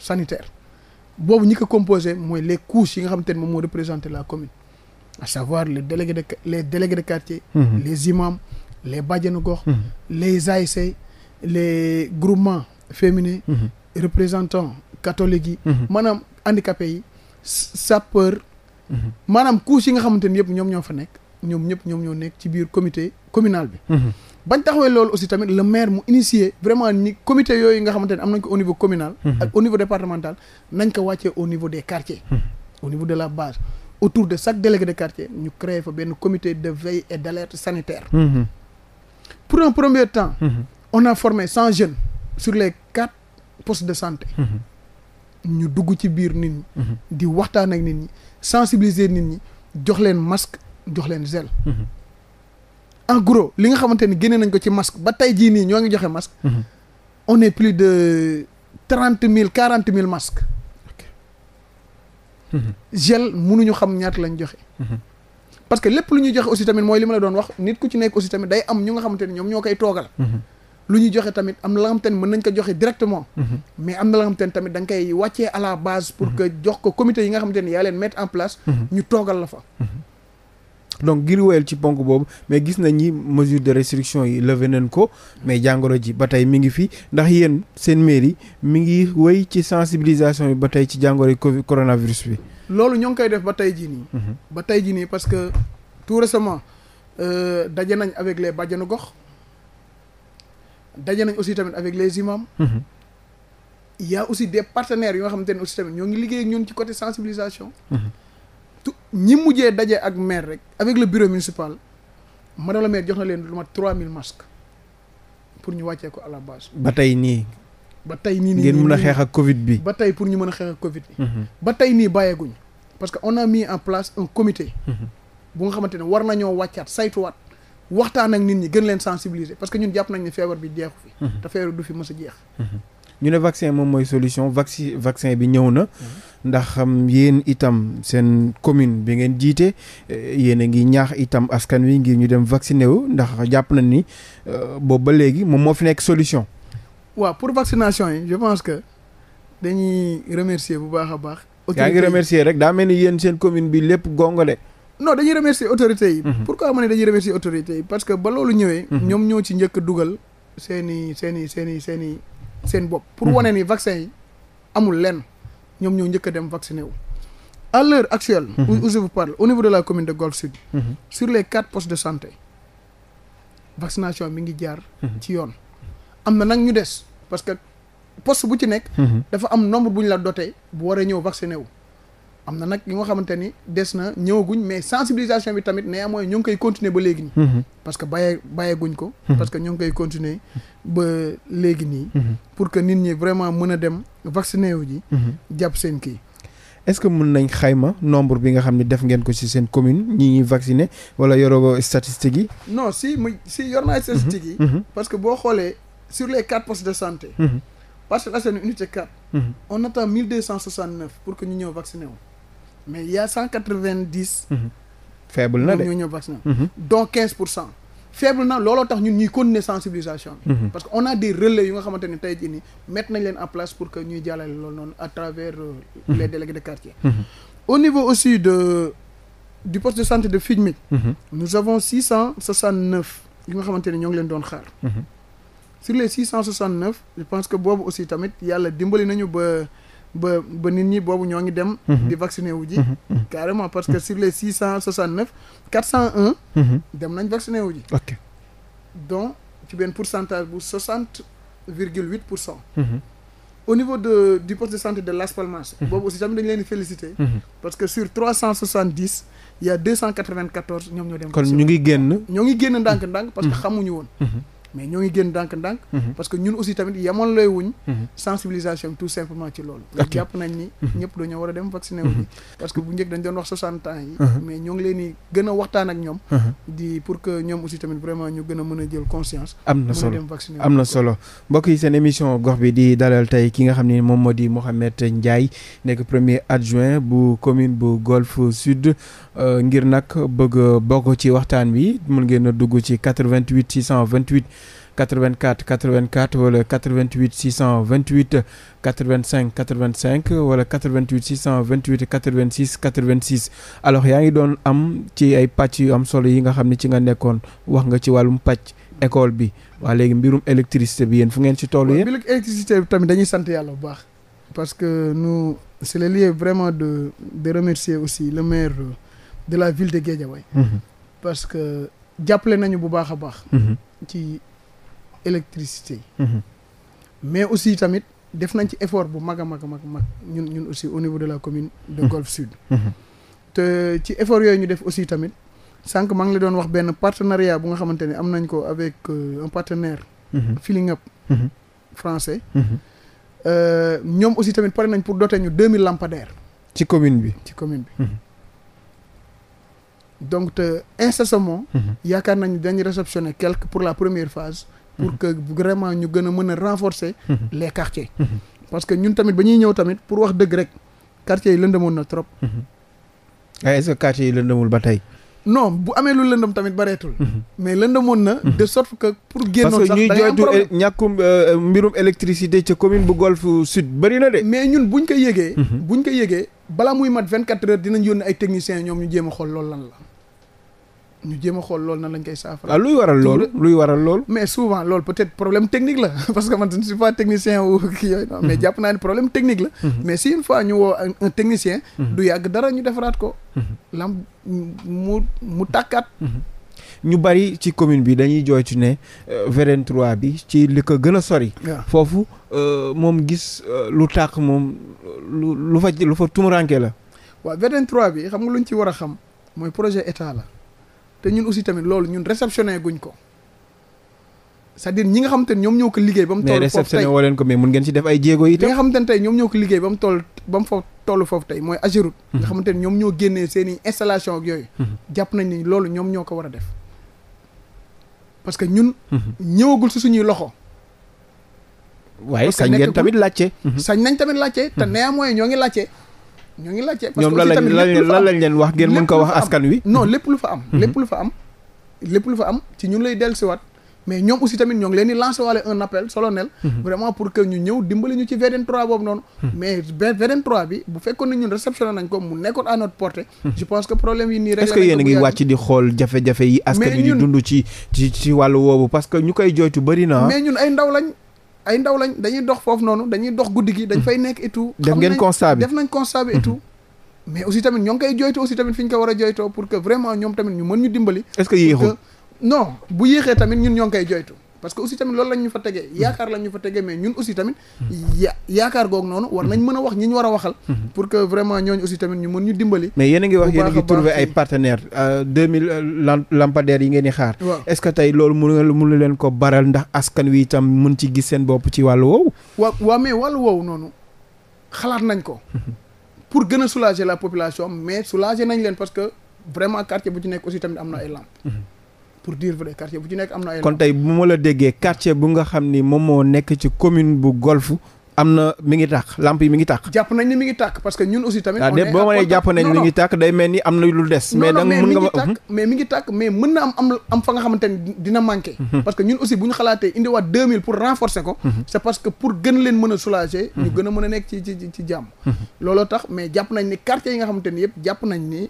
sanitaire boobu ñi ko composé mooy les couches yi nga xamante ne moom moo représenté la commune. à savoir les délégués de les délégués de quartier. les imams les bajenu gox. les ASC les groupements. féminin mhm. représentant catholique yi mhm. maanaam handicapé yi sapeur mhm. maanaam couche yi nga xamante ni yëpp ñoom ñoo fa nekk ñoom ñëpp ñoom ñoo nekk ci biir comité communal bi bañ taxawee loolu aussi tamit le maire mu initier vraiment ni comité yooyu nga xamante ne am nañ ko au niveau communal ak au niveau départemental nañ ko wàccee au niveau des quartiers au niveau de la base autour de chaque délégué de quartier ñu créé fa benn comité de veille et d' alerte sanitaire pour un temps on a cent jeunes sur les quatre postes de santé. ñu dugg ci biir nit ñi. di waxtaan ak nit ñi sensibiliser nit ñi jox leen masque jox leen gel. en gros li nga xamante ni génne nañ ko ci masque ba tey jii nii ñoo ngi joxe masque. on est plus de trente mille quarante mille masques. gel mënuñu xam ñaata lañ joxe. parce que lépp lu ñuy joxe aussi tamit mooy li ma la doon wax nit ku ci nekk aussi tamit day am ñu nga xamante ni ñoom ñoo koy toogal. Mhm. lu ñu joxe tamit am na la nga xamante mën nañ ko joxe directement mhm. mais am na la nga xamante tamit danga nga koy wàccee à la base pour que mhm. jox ko comité yi nga xamante ne yaa leen mettre en place mhm. ñu toogal la fa donc ngir woyal ci ponk boobu mais gis nañ ni mesure de restriction yi levé nañ ko mais jàngoro ji ba tey mi ngi fii ndax yéen seen mairie mi ngi woy ci sensibilisation yi ba tey ci jàngoro yi covid coronavirus bi loolu ñoo ngi koy def ba tey jii nii ba tey jii nii parce que tout récemment euh, daje nañ avec les gox daje nañ aussi tamit avec les imams. Mhm. il y a aussi des partenaires yoo xamante ne aussi tamit ñoo ngi liggéey ak ñun ci coté sensibilisation. Mhm. tu ñi mujjee daje ak maire rek. avec le bureau municipal madame la maire jox na leen lu mat mille masques pour ñu wàccee ko à la base. ba tey nii. ba tey nii ngeen mun a xeex ak Covid bi. ba tey pour ñu mën a xeex ak Covid bi. Mhm. ba tey nii bàyyeeguñu. parce que on a mis en place un comité. bu nga xamante ne war nañoo wàccaat saytuwaat. waxtaan ak nit ñi gën leen sensibiliser parce que ñun jàpp nañ ne feebar bi jeexu fi. Mhm. te feebar du fi mës a jeex. Mhm. ñu ne vaccin moom mooy solution vaccin vaccin bi ñëw na. Mhm. ndax yéen itam seen commune bi ngeen jiite eh, yéen a ngi ñaax itam askan wi ngir ñu dem vacciné wu ndax jàpp nañ ni eh, boobu ba léegi moom moo fi nekk solution. waaw pour vaccination yi je pense que dañuy remercier bu baax a baax. yaa ngi remercier rek daa mel ni yéen seen commune bi lépp gongole. non dañuy remercier autorité yi. Mhm. pourquoi ma ne dañuy remercier autorités yi parce que ba loolu ñëwee. Mhm. ñoom ñoo ci njëkk dugal seeni seeni seen i seen i seen bopp. pour mhm. wane ni vaccin yi amul lenn ñoom ñoo njëkk dem vacciné wu. à l'heure actuelle. où je vous parle au niveau de la commune de Golf Sud. sur les quatre postes de santé vaccination mi ngi jaar. ci yoon am na nag ñu des parce que post bu ci nekk. dafa am nombre bu ñu la doté bu war a ñëw vacciné wu. am na nag yu nga xamante ni des na ñëwaguñ mais sensibilisation bi tamit nee mooy ñu ngi koy continuer ba léegi nii. Mhm. parce que bàyyee bàyyeeguñ ko. Mhm. parce que ñu ngi koy continuer ba léegi nii. Mhm. pour que nit ñi vraiment mën a dem vacciner wu ji. jàpp seen kii. est-ce que mun nañ xayma nombre bi nga xam ne def ngeen ko si seen commune ñi ñuy vacciné wala yoroo statistiques yi. non si mu si yor yi. parce que boo xoolee sur les quatre postes de santé. Parcelles Assainies ñu ñëw vacciné wu. mais il y a cent quatre vingt dix. Mhm. faible na de ñoo ñëw vacciné mhm. dont quinze pour cent. faible na looloo tax ñu ñuy continuer sensibilisation bi. Mhm. parce que on a des relais yu nga xamante ne tey jii nii nañ leen en place pour que ñuy jàllale loolu noonu à travers euh, les délégués de quartier. au niveau aussi de du poste de santé de Fidmik. nous avons six cent soixante neuf yu nga xamante ne ñoo ngi leen doon xaar. sur les six cent soixante neuf je pense que boobu aussi tamit yàlla dimbali nañu ba. ba ba nit ñi boobu ñoo ngi dem. Mhm. di vacciné wu ji. Mhm. Mhm. carrément parce que sur les six cent soixante neuf quatre cent un. dem nañ vacciné wu ji. ok donc ci benn pourcentage bu soixante virgule huit pour cent. au niveau de du poste de santé de Las Palmas. boobu aussi tamit dañu leen di parce que sur trois cent soixante dix il deux cent quatre vingt quatorze ñoom ñoo dem. kon ñu ngi génn. ñoo ngi génn ndànk-ndànk parce que xamuñu woon. mais ñoo ngi génn ndànk-ndànk mhm. parce que ñun aussi tamit yemoon lay wuñ mhm. sensibilisation bi tout simplement ci loolu ndax jàpp nañ ni mhm. ñëpp dañoo war a dem vacciné wu parce que bu njëkk dañ doon wax soixante ans yi mais ñoo ngi leen di gën a waxtaan ak ñoom di pour que ñoom aussi tamit vraiment ñu gën a mën a jël conscience am na solo am na solo mbokk yi seen émission gox bi di dalal tey ki nga xam ni moom moo di Mouhamed Ndiaye nekk premier adjoint bu commune bu Golf Sud euh, ngir nag bëgg bokk ci waxtaan bi mun ngeen a dugg ci 88 628 84 84 wala 88 628 85 85 wala 88 628 86 86 alors yaa ngi doon am ci ay pàcc yu am solo yi nga xam ne ci nga nekkoon wax nga ci wàllum pàcc école bi waa léegi mbirum électricité bi yéen fu ngeen ci toll yéen. électricité bi tamit dañuy sant yàlla bu baax. parce que nous c'est le lieu vraiment de de remercier aussi le maire de la ville de Guédiawaye. Mm-hmm. parce que jàppale nañu bu baax a baax. Mm-hmm. ci électricité yi mhm. mais aussi tamit def nañ ci effort bu mag a mag a mag mag ñun ñun aussi au niveau de la commune de mhm. Golf Sud mhm. te ci effort yooyu ñu def aussi tamit sànq maa ngi la doon wax benn partenariat bu nga xamante ne am nañ ko avec euh, un partenaire Feeling Up français euh, ñoom aussi tamit pare nañ pour doter ñu deux mille lampadaires ci commune bi ci commune bi donc te incessamment yaakaar nañ dañu réceptionner quelque pour la première phase pour que vraiment ñu gën a mën a renforcer mm-hmm. Mm-hmm. les quartiers mm-hmm. parce que ñun tamit ba ñuy ñëw tamit pour wax dëgg rek quartiers yi lëndëmoon na trop ay ah, est-ce que quartiers yi lëndëmul ba tey non bu amee lu lëndëm tamit bareetul mais lëndëmoon na de sorte que pour génnoon sax ñuy jooytu eh, ñàkkum euh, euh, mbirum électricité ca commune bu Golf Sud bëri na de mais ñun buñ ko yégee ñu ko yégee balaa muy mat vingt quatre heures dinañ yónni ay techniciens ñoom ñu jéem a lool lan la ñu jéem a xool loolu nan lañ koy saafara. ah luy waral lool luy waral lool mais souvent loolu peut-être problème technique la (laughs) parce que man je ne suis pas technicien wu (laughs) kii yooyu. mais mhm. jàpp naa ne problème technique la. Mhm. mais si une ñu woo un technicien. Mhm. du yàgg dara ñu defaraat ko. lam mu mu tàkkaat. ñu bari ci commune bi dañuy jooytu ne euh, VDN bi ci li ko gën a sori. foofu euh, moom gis euh, lu tàkk moom lu lu fa lu fa tumuranke la. waaw VDN 3 bi xam nga luñ ci war a xam mooy projet état la. te ñun aussi tamit loolu ñun réceptionné guñ ko sa à dire ñi nga xam te ne ñoom ñoo ko liggéey ba mu toll foofu tey leen ko mais mun ngeen ci def ay jéego yi. li nga xam te ne tey ñoom mu toll ba foofu tey mooy Ageroute. Mhm. nga xamante ne ñoom ñoo génnee seen i installation yooyu. Mhm. jàpp nañ ni loolu ñoom ñoo ko war a def parce que ñun. Mhm. ñëwagul si suñuy loxo. waaye sañ ngeen tamit laajte. sañ nañ tamit laajte te nee mooy ñoo ngi laajte. ñoo ngi laajte parce que wax ngeen ko wax askan wi non lépp lu fa am mhm. lépp lu fa am lépp lu fa am ci ñun lay dellusiwaat tamit ñoo ngi leen di lancer waale un appel solennel mhm. vraiment pour que ñu ñëw dimbali ñu ci VDN 3 boobu noonu mhm. mais bu fekkoon nañ ko mu nekkoon à notre portée je pense que problème yi nii rek est que yéen a ngi wàcc di xool jafe-jafe yi askan wi di dund ci ci ci wàllu woobu parce que ñu koy jooytu bëri na ah. mais ñun ay ndaw lañ ay ndaw lañ dañuy dox foofu noonu dañuy dox guddi gi dañ mm. fay nekk et tout. def ngeen constat bi def nañ constat bi mm-hmm. mais aussi tamit ñoo ngi koy joytu aussi tamit fi ñu ko war a joytoo pour que vraiment ñoom tamit ñu mën ñu dimbali. est-ce que yéexul non bu yéexee tamit ñun ñoo ngi koy joytu parce que aussi tamit loolu lañu ñu fa tegee hmm. yaakaar lañ ñu fa tegee mais ñun aussi tamit hmm. yaakaar googu noonu war nañ mën a wax ñi ñu war a waxal hmm. pour que vraiment ñooñu aussi tamit ñu mën ñu dimbali mais yéen a ngi wax yéen a ngi trouver ay partenaires euh, deux mille euh, lampadaires yi ngeen di xaar waaw est ce que tey loolu mënu mënu leen ko baral ndax askan wi itam mën ci gis seen bopp ci wàllu woowu waaw waaw mais wàllu woowu noonu xalaat nañ ko pour gën a soulager la population mais soulager nañ leen parce que vraiment quartier bu ci nekk aussi tamit am na ay lampes pour dire vrai quartier bu ci nekk am na ay. kon tey bu ma la déggee quartier bu nga xam ni moom moo nekk ci commune bu Golf am na mi ngi tàkk lamp yi mi ngi tàkk. jàpp nañ ni mi ngi tàkk parce que ñun aussi ah, na lu des. ni dina manqué. Mhm. que ñun aussi bu ñu xalaatee indiwaat 2000 pour renforcer ko. Mhm. c'est parce que pour gën leen mën a soulager. ñu mhm. gën a mën a nekk ci ci ci jàmm. looloo tax mais jàpp nañ ni quartier yi nga xamante ni yëpp jàpp nañ ni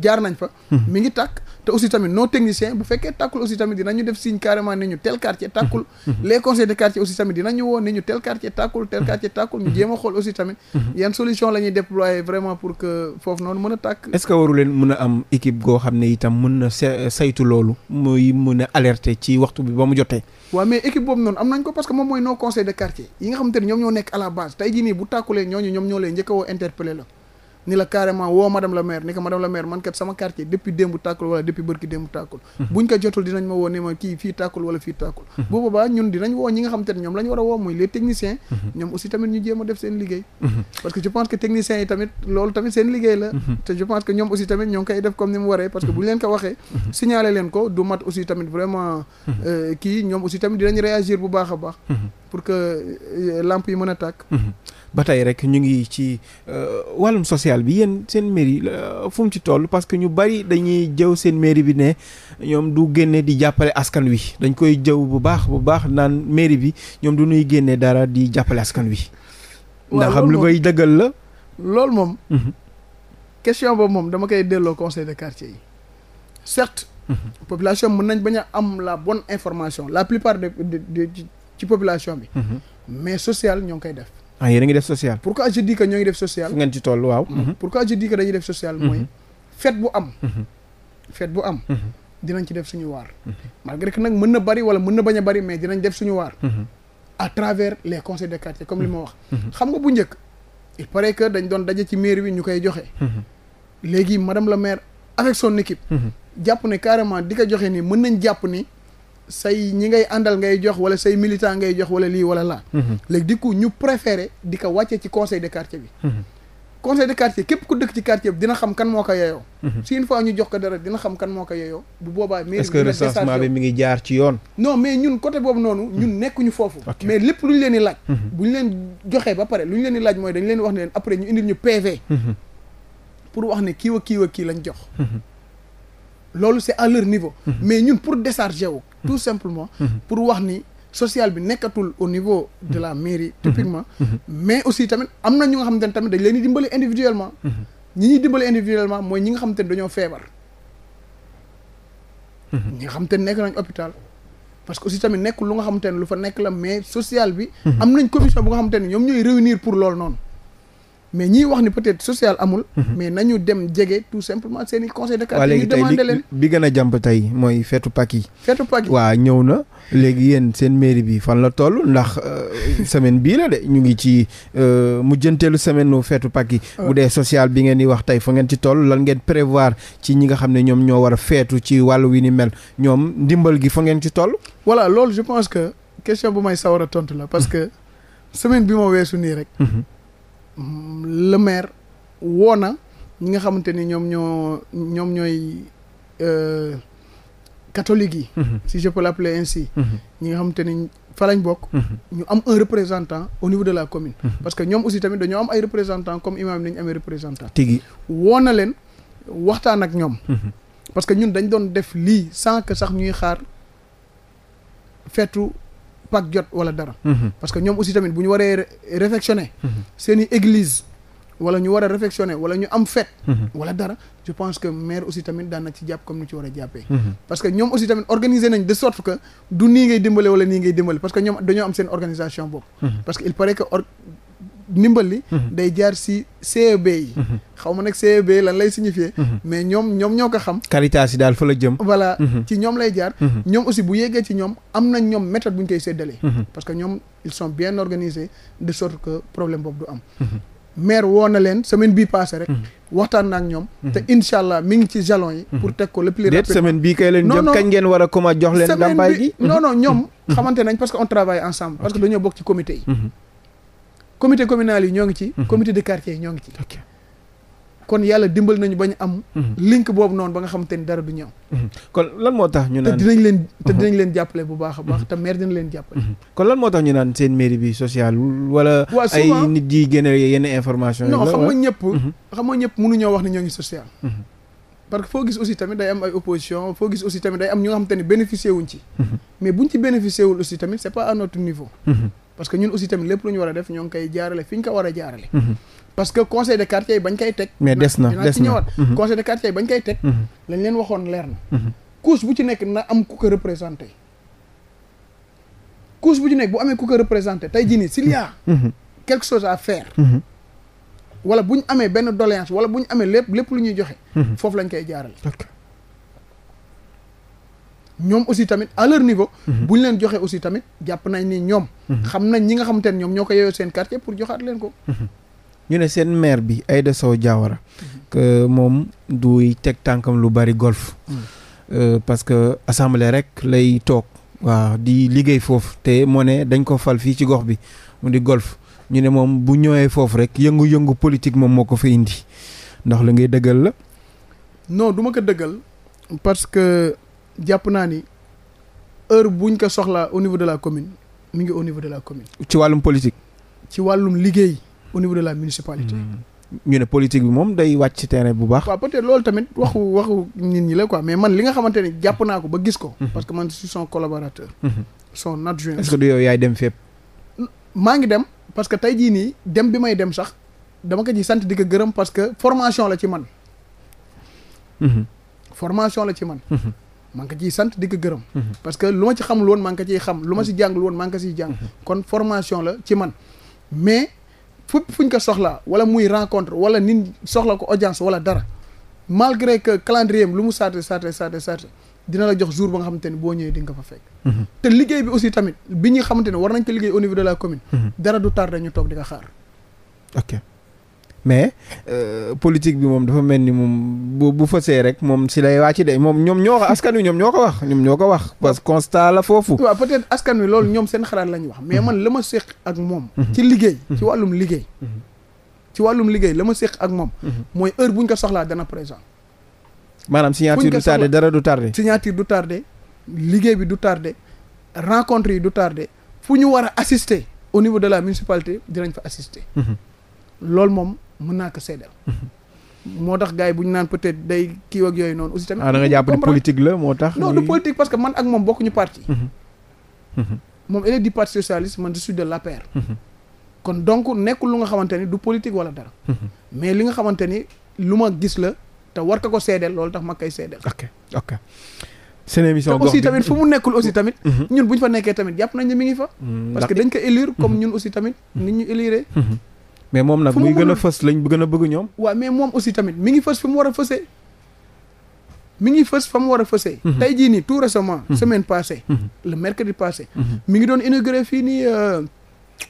jaar nañ fa mhm. mi ngi tàkk te aussi tamit nos techniciens bu fekkee tàkkul aussi tamit dinañu def signe carrément ne ñu tel quartier tàkkul mhm. Mhm. les conseils de quartier aussi tamit dinañu woo ne ñu tel quartier tàkkul tel quartier tàkkul ñu jéem a xool aussi tamit yan solution la ñuy déployer vraiment pour que foofu noonu mën a tàkk est-ce que waru leen mën a am équipe goo xam ne itam mën na saytu loolu muy mën a alerter ci waxtu bi ba mu jotee waaw mais équipe boobu noonu am nañ ko parce que moom mooy nos conseils de quartier yi la ni la carrément woo madame la maire ni ko madame la maire man kat sama quartier depuis démb tàkkul wala depuis bërki démb tàkkul mhm. buñ ko jotul dinañ ma woo ni ma kii fii tàkkul wala fii tàkkul bu mhm. boobaa ñun dinañ woo ñi nga xam te ne ñoom la ñu war a woo muy les techniciens mhm. ñoom aussi tamit ñu jéem a def seen liggéey parce que je que techniciens yi tamit loolu tamit seen liggéey la te je que ñoom aussi tamit ñoo ngi def comme ni mu waree ko waxee signaler leen ko du mat aussi tamit vraiment euh, kii ñoom aussi tamit dinañ réagir a baax pour que euh, lamp yi mën a tàkk ba tey rek ñu ngi ci euh, wàllum social bi yéen seen mairie fu mu ci tool parce que ñu bari dañuy jëw seen mairie bi ne ñoom du génne di jàppale askan wi dañ koy jëw bu baax bu baax naan mairie bi ñoom du ñuy génnee dara di jàppale askan wi. ndax xam lu koy dëggal la. loolu moom. Mhm. question boobu moom dama koy delloo conseil de quartier yi. certes. Mhm. population mun nañ bañ a am la bonne information la plupart de de ci population bi. Mhm. mais social ñoo ngi koy def. ah yéen a ngi def social. pourquoi je dis que ñoo ngi def social. fu ngeen ci toll waaw. Mhm. Mhm. pourquoi je di que dañuy def social. Mhm. mooy fête bu am. fête bu am. dinañ ci def suñu waar. malgré que nag mën na bari wala mën na bañ a bari mais dinañ def suñu waar. à travers les conseils de quartier comme li ma wax. xam nga bu njëkk. il paraît que dañ doon daje ci maire bi ñu koy joxe. léegi madame la maire avec son équipe. jàpp ne carrément di ko joxe nii mën nañ jàpp nii say ñi ngay àndal ngay jox wala say militant ngay jox wala lii wala laa. Mhm. léegi di ko ñu préféré di ko wàccee ci conseil de quartier bi. Mhm. conseil de quartier képp ku dëkk ci quartier bi dina xam kan moo ko yeyoo. Mhm. si une fois ñu jox ko dara dina xam kan moo ko yeyoo. bu boobaa mairie est-ce que bi mi ngi jaar ci yoon. non mais ñun côté boobu noonu. ñun nekkuñu foofu. mais lépp lu ñu leen di laaj. bu ñu leen joxee ba pare lu ñu leen di laaj mooy dañu leen wax ne leen après ñu pour wax ne kii wa kii lañ jox. loolu c'est à niveau. mais ñun pour décharger wu. tout simplement pour wax ni social bi nekkatul au niveau de la mairie typiquement mais aussi tamit am na ñu nga xamante ne tamit dañ leen di dimbali individuellement ñi ñuy dimbali individuellement mooy ñi nga xamante ne dañoo feebar ñi nga xam ne nekk nañ hôpital parce que aussi tamit nekkul lu nga xamante ne lu fa nekk la mais social bi mhm. am nañ commission bu nga xamante ne ñoom ñooy réunir pour loolu noonu mais ñiy wax ni peut-être social amul. Mhm. mais nañu dem jege tout simplement seen i conseil de quartier. ñu demandé leen bi gën a jàmp tey mooy feetu pakk yi. feetu pak yi waaw ñëw na léegi yéen seen mairie bi fan la toll ndax euh, (laughs) semaine bii la de ñu ngi ci euh, mujjanteelu semaine nu feetu pak yi. Ah. bu dee social bi ngeen di wax tey fa ngeen ci toll lan ngeen prévoir ci ñi nga xam ne ñoom ñoo war a feetu ci wàllu wi ni mel ñoom ndimbal gi fa ngeen ci toll. voilà loolu je pense que question bu may sawar a tontu la parce que mhm. semaine bi ma weesu nii rek. Mhm. le maire woo na ñi nga xamante ni ñoom ñoo ñoom ñooy euh, catholique yi. Mhm. si je peux l' appeler mhm. ñi nga xamante ni fa lañ bokk. Mhm. ñu am un représentant au niveau de la commune. parce que ñoom aussi tamit dañoo am ay représentants comme imam nañu amee représentant. tigi woo na leen waxtaan ak ñoom. parce que ñun dañ doon def lii sans que sax ñuy xaar fetu Pâques jot wala dara. Mhm. parce que ñoom aussi tamit bu ñu waree réfectionner. Mhm. seen église wala ñu war a réfectionner ñu am fête. Mhm. wala dara je pense que maire aussi tamit daan ci jàpp comme ni ci war a jàppee. parce que ñoom aussi tamit organiser nañ de sorte que du nii ngay dimbale wala nii ngay dimbale parce que ñoom dañoo am seen organisation bopp. parce que il paraît que ndimbal li mhm. day jaar si CEB yi mhm. xaw ma nag CEB lan lay signifier mhm. mais ñoom ñoom ñoo ko xam Caritas yi daal fa la jëm voilà ci ñoom lay jaar ñoom aussi bu yeggee ci ñoom am nañ ñoom méthode bu ñu koy séddalee parce que ñoom ils sont bien organisés de sorte que problème boobu du am maire woo na leen semaine bi passé rek waxtaan na ak ñoom te incha allah mi ngi ci jalon yi pour teg ko le plus rapide semaine bii kay leen jëm kañ ngeen war a comment jox leen ndàmpaay gi non non ñoom comité communal yi ñoo ngi ci. Mhm. comité de quartier yi ñoo ngi ci. kon yàlla dimbal nañu bañ am. Mhm. link boobu noonu ba nga xamante ni dara du ñëw. Mhm. kon lan moo tax ñu naan dinañ leen te dinañ leen jàppale bu baax a baax te maire dina leen jàppale. kon lan moo tax ñu naan seen mairie bi sociale wala. ay nit yi génne yenn information non xam nga ñëpp. xam nga ñëpp mënuñoo wax ne ñoo ngi social. parce que foo gis aussi tamit day am ay opposition foo gis aussi tamit am ñoo xamante ni bénéficier wuñ ci. mais buñ ci bénéficier wul aussi tamit c'est pas à notre niveau. parce que ñun aussi tamit lépp lu ñu war a def ñoo ngi koy jaarale fi ñu ko war a jaarale mhm. parce que conseil de quartier yi bañ koy teg mais des na des na ñëwaat mhm. conseil de quartier yi bañ koy teg mhm. lañ leen waxoon leer na couche bu ci nekk na am ku ko représenté couche bu ci nekk bu amee ku ko représenté tey jii nii s'il y a quelque chose à faire wala bu ñu amee benn doléance wala bu ñu amee lépp lépp lu ñuy joxe foofu lañ koy jaarale ñoom aussi tamit à leur niveau. Mhm. bu ñu leen joxee aussi tamit jàpp nañ ni ñoom. Mhm. xam nañ ñi nga xamante ne ñoom ñoo ko yeyoo seen quartier pour joxaat leen ko. Mhm. ñu ne seen maire bi Aïda Sow Diawara. que moom du teg tànkam lu bari golf. Euh, parce que assemblée rek lay toog. waaw di liggéey foofu te moo ne dañ ko fal fii ci gox bi mu di golf ñu ne moom bu ñëwee foofu rek yëngu-yëngu politique moom moo ko fa indi ndax la ngay dëggal la. non du ko dëggal parce que. jàpp naa ni heure buñ ko soxla au niveau de la commune mi ngi au niveau de la commune. ci wàllum politique. ci wàllum liggéey au niveau de la municipalité. Mm. ñu ne politique bi moom day wàcc ci terrain bu baax. waaw peut-être loolu tamit waxu waxu nit ñi la ko mais man li nga xamante ni jàpp naa ko ba gis ko. Mm-hmm. parce que man je suis son collaborateur. Mm-hmm. son adjoint. est-ce que du yow yaay dem fépp. maa ngi dem parce que tey jii nii dem bi may dem sax dama ko ci sant di ko gërëm parce que formation la ci man. Mm-hmm. formation la ci man. maa ngi ko ciy sant di ko gërëm parce que lu ma ci xamul woon maa ngi ko xam lu ma si jàngul woon maa ngi ko jàng kon formation la ci man mais fu fuñ ko soxla wala muy rencontre wala nit soxla ko audience wala dara malgré que calendrier am lu mu saate saate saate saate dina la jox jour ba nga xamante ne boo ñëwee di nga fa fekk mhm. te liggéey bi aussi tamit bi ñu xamante ne war nañ ko liggéey au niveau de la commune mhm. dara du tardé ñu toog di ko xaar ok mais euh, politique bi moom dafa mel ni moom bu bu rek moom si lay wàcc de moom ñoom ñoo ko askan wi ñoom ñoo ko wax ñoom ñoo ko wax parce que constat la foofu waaw peut-être askan wi loolu ñoom seen xalaat la ñu wax mais man la ma séq ak moom ci mhm. liggéey mhm. ci wàllum liggéey mhm. ci wàllum liggéey la ma séq ak moom mooy heure bu ñu ko soxlaa dana présent maanaam signature du tardé dara du tardé signature du tardé liggéey bi du tardé rencontre yi du tardé fu ñu war a assister au niveau de la municipalité dinañ fa assister loolu moom mën naa ko seedeel. moo tax gars yi bu ñu naan peut-être day kii ak yooyu noonu. aussi tamit ah da nga jàpp moo tax. non du politique parce que man ak moom mhm. Mhm. moom il est du parti man je suis de mhm. kon donc nekkul lu nga xamante ni du politique wala dara. mais li nga xamante ni lu ma gis la te war ka ko seedeel loolu tax ma koy seedeel. ok ok. seen émission gox tamit fu mu nekkul aussi tamit. ñun bu ñu fa nekkee tamit nañ ne mi ngi fa. Mm, parce que dañ ko élire comme ñun aussi tamit. nit ñu élire. mais moom nag muy gën a fës lañ gën a bëgg ñoom. waaw mais moom aussi tamit mi ngi fës fi mu war a fësee mi ngi fës fa mu war a fësee. Mhm. tey jii nii tout récemment. Mhm. semaine passée. Mhm. le mercredi passé. mi ngi doon inauguré fii nii euh,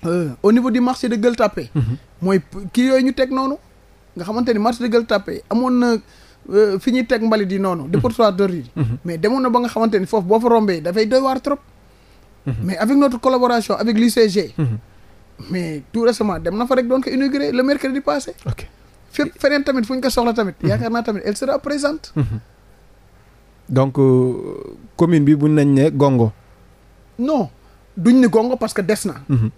euh, au niveau du marché de Gueule Tapée. mooy kii yooyu ñu teg noonu. nga xamante ni marché de Gueule Tapée amoon na euh, fi ñuy teg mbalit yi noonu. dépotoir d'ordures yi. mais demoon na ba nga xamante ni foofu boo fa rombee dafay doy waar trop. mais avec notre collaboration avec mais tout récemment dem na fa rek doon ko inauguré le mercredi passé. ok fépp feneen tamit fu ñu ko soxla tamit. Mhm. yaakaar naa tamit elle sera présente. Mhm. donc euh, commune bi buñ nañ ne gongo. non duñ ne gongo parce que des na. Mhm.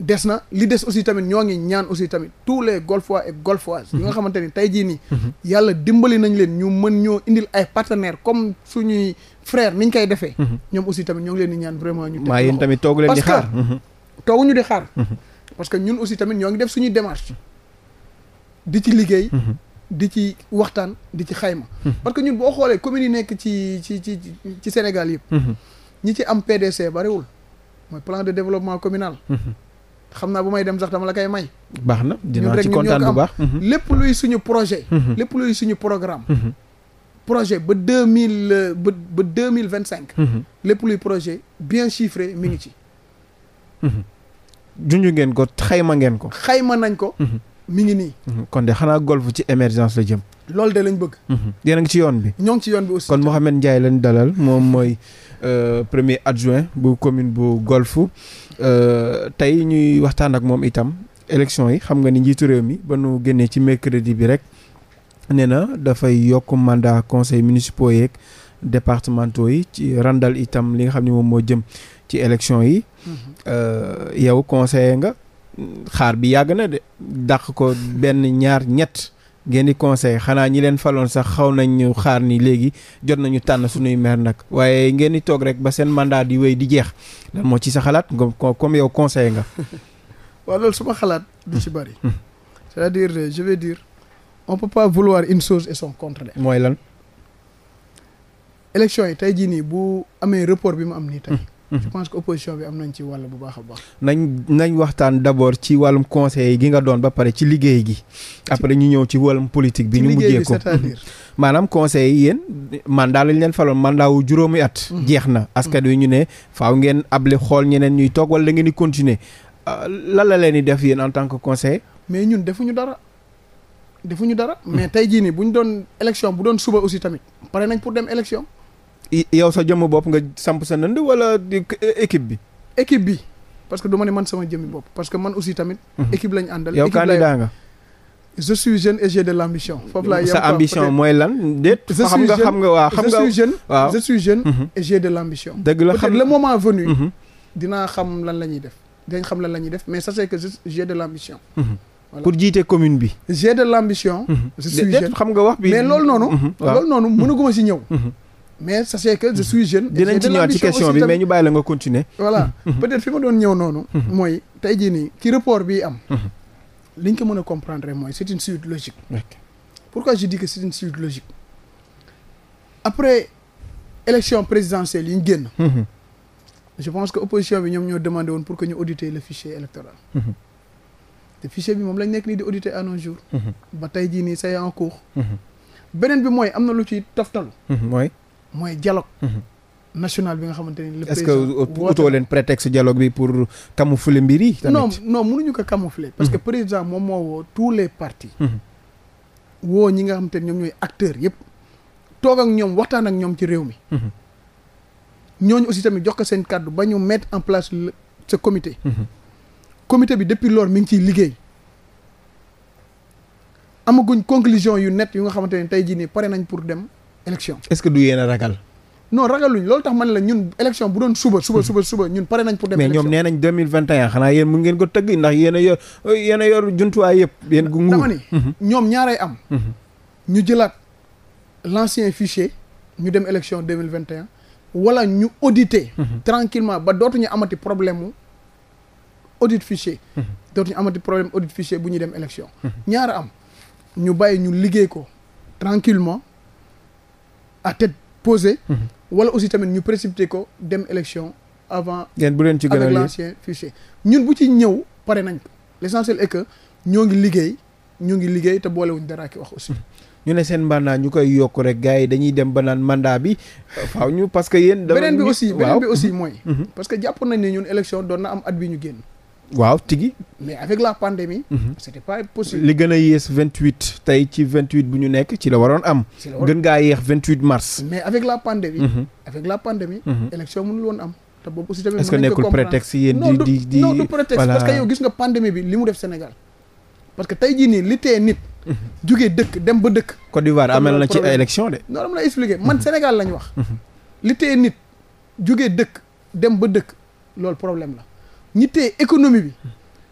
des na li des aussi tamit ñoo ngi ñaan aussi tamit tous les golfois et golfoises. ñi nga xamante ni tey jii nii. yàlla dimbali nañ leen ñu mën ñoo indil ay partenaires comme suñuy frère niñ koy defee. ñoom aussi tamit ñoo ngi leen ñaan vraiment. ñu teg maa tamit toog leen di xaar ñu di xaar. Mhm. parce que ñun aussi tamit ñoo ngi def suñu démarche di ci liggéey. Mhm. di ci waxtaan di ci xayma. Mhm. parce que ñun boo xoolee commune yi nekk ci ci ci ci Sénégal yëpp. ñi ci am PDC bariwul mooy plan de développement communal. xam naa bu may dem sax dama la kay may. baax na dinaa ci kontaan bu baax lépp luy suñu projet. lépp luy suñu programme. projet ba deux mille ba ba deux mille vingt cinq. lépp luy projet bien chiffré mi ngi ci. Mhm. junj ngeen ko xayma ngeen ko. xayma nañ ko. Mhm. mi ngi nii. Mhm. kon de xanaa golf ci émergence la jëm. loolu de lañ bëgg. yéen a ngi ci yoon bi. ñoo ngi ci yoon bi aussi. kon Mouhamed Ndiaye lañ dalal moom mooy euh, premier adjoint bu commune bu golf euh, tey ñuy waxtaan ak moom itam élection yi xam nga ni njiitu réew mi ba nu génnee ci mercredi bi rek nee na dafay yokk mandat conseil municipal yeeg départementaux yi ci randal itam li nga xam ne moom moo jëm. ci élection yi. Mhm. Euh, yow conseiller nga xaar bi yàgg na de dàq ko benn ñaar ñett ngeen di conseil xanaa ñi leen faloon sax xaw nañ ñu xaar ni léegi jot nañu tànn suñuy mer nag waaye ngeen di toog rek ba seen mandat di wéy di jeex lan moo ci sa xalaat nga comme yow conseiller nga. (laughs) waaw loolu suma xalaat du ci bari. Hmm. c'est-à-dire euh, je vais dire on peut pas vouloir une et son contraire. mooy lan. élection yi tey ji nii bu amee report bi mu am nii tey. Hmm. je pense que opposition bi am nañ ci wàll bu baax a baax. nañ nañ waxtaan d' abord ci wàllum conseil gi nga doon ba pare ci liggéey gi. après ñu ñëw ci wàllum politique bi. ñu mujjee ko (laughs) maanaam conseil yi yéen mandat lañ leen faloon mandat wu juróomi at. Mhm. jeex na askan wi ñu ne faaw ngeen able xool ñeneen ñuy toog wala da ngeen di continuer euh, lal la leen di def yéen en tant que conseil. mais ñun defuñu dara. defuñu dara. mais mhm. tey jii nii bu ñu doon élection bu doon suba aussi tamit pare nañ pour dem élection. yow sa jëmm bopp nga samp sa nënd wala e-, équipe bi. équipe bi parce que du ma ne man sama jëmmi bopp parce que man aussi tamit. Mhm. équipe lañ àndal. yow candidat nga. je suis jeune et j'ai de l' ambition. foofu laa yem sa ambition mooy lan déet. je xam nga xam nga waaw xam nga je suis jeune je suis jeune. et j'ai de l' ambition. dëgg la xam le moment venu. Mhm. dinaa xam lan la ñuy def. dinañ xam lan la ñuy def mais sachez que j'ai de l' ambition. Mhm. Voilà. pour jiite commune bi. j'ai de l' ambition. je suis jeune xam nga wax bi mais loolu noonu. waaw loolu noonu mënaguma si ñëw. mais sachez que je suis jeune. dinañ ci ñëwaat ci question bi mais ñu bàyyi la nga continuer. voilà (laughs) mhm. peut-être fi ma doon ñëw noonu. Mhm. mooy tey jii nii ci report bi am. Mhm. liñ ko mën a comprendre mooy c'est une suite logique. pourquoi je dis que c'est une suite logique après élection présidentielle yi ñu génn. je pense que opposition bi ñoom ñoo demandé woon pour que ñu auditer le fichier électoral. te fichier bi moom lañ nekk nii di auditer à nos jours. ba tey jii nii c'est en cours. beneen bi mooy am na lu ci toftalu. mooy dialogue. Mhm. national bi nga xamante ni. le président est-ce que utoo leen prétexte dialogue bi pour camoufler mbir yi. tamit non non mënuñu ko camoufler. parce que mhm. président moom moo woo les partis. Mhm. woo ñi nga xamante ni ñoom ñooy acteur yëpp. toog ak ñoom waxtaan ak ñoom ci réew mi. ñooñu aussi tamit jox ko seen kàddu ba ñu mettre en place ce comité. comité bi depuis loolu mi ngi ciy liggéey. amaguñ conclusion yu net yu nga xamante ne tey jii nii pare nañ pour dem. élection. est-ce que du yéen a ragal. non ragaluñ loolu tax man la ñun élection bu doon suba suba suba suba ñun pare nañ pour dem. mais ñoom nee nañ deux mille vingt et un xanaa yéen mun ngeen ko tëgg ndax yéen a yor yéen yor jumtuwaay yëpp. yéen gu nguur dama ni. ñoom ñaaray am. Mhm. ñu jëlaat l'ancien fichier ñu dem élection deux mille vingt et wala ñu auditer. Mhm. tranquillement ba dootuñu amati problème mu audit fichier. Mhm. amati problème audit fichier bu ñuy dem élection. ñaara am ñu bay ñu liggéey ko tranquillement à tête posée. Mhm. wala aussi tamit ñu précipité ko dem élection avant. ngeen bu leen ci gën a avec l'ancien fichier ñun bu ci ñëw pare nañ ko l'essentiel est ñoo ngi liggéey ñoo ngi liggéey te boolewuñ dara ki wax aussi. Hmm. ñu ne seen mandat ñu koy yokk rek gars yi dañuy dem ba naan bi euh, faaw ñu parce que yéen. beneen bi aussi beneen bi aussi mooy. Hmm. parce que jàpp ñun élection doon na am at bi ñu génn. waaw tigi. mais avec la pandémie. Mhm. c'était li gën a yées vingt huit tey ci vingt huit bu ñu nekk ci la waroon am. gën ngaa yéex vingt huit mars. mais avec la pandémie. Mhm. avec la pandémie. Mhm. élection mënul woon am. te boobu aussi tamit est-ce que nekkul prétexte yéen di di di non parce que yow gis nga pandémie bi li mu def Sénégal. parce que tey jii nii li tee nit. jugee dëkk dem ba dëkk. Côte d'Ivoire amel na ci élection de. non dama man Sénégal lañ wax. li tee nit jugee dëkk dem ba dëkk loolu problème la. ñi économie bi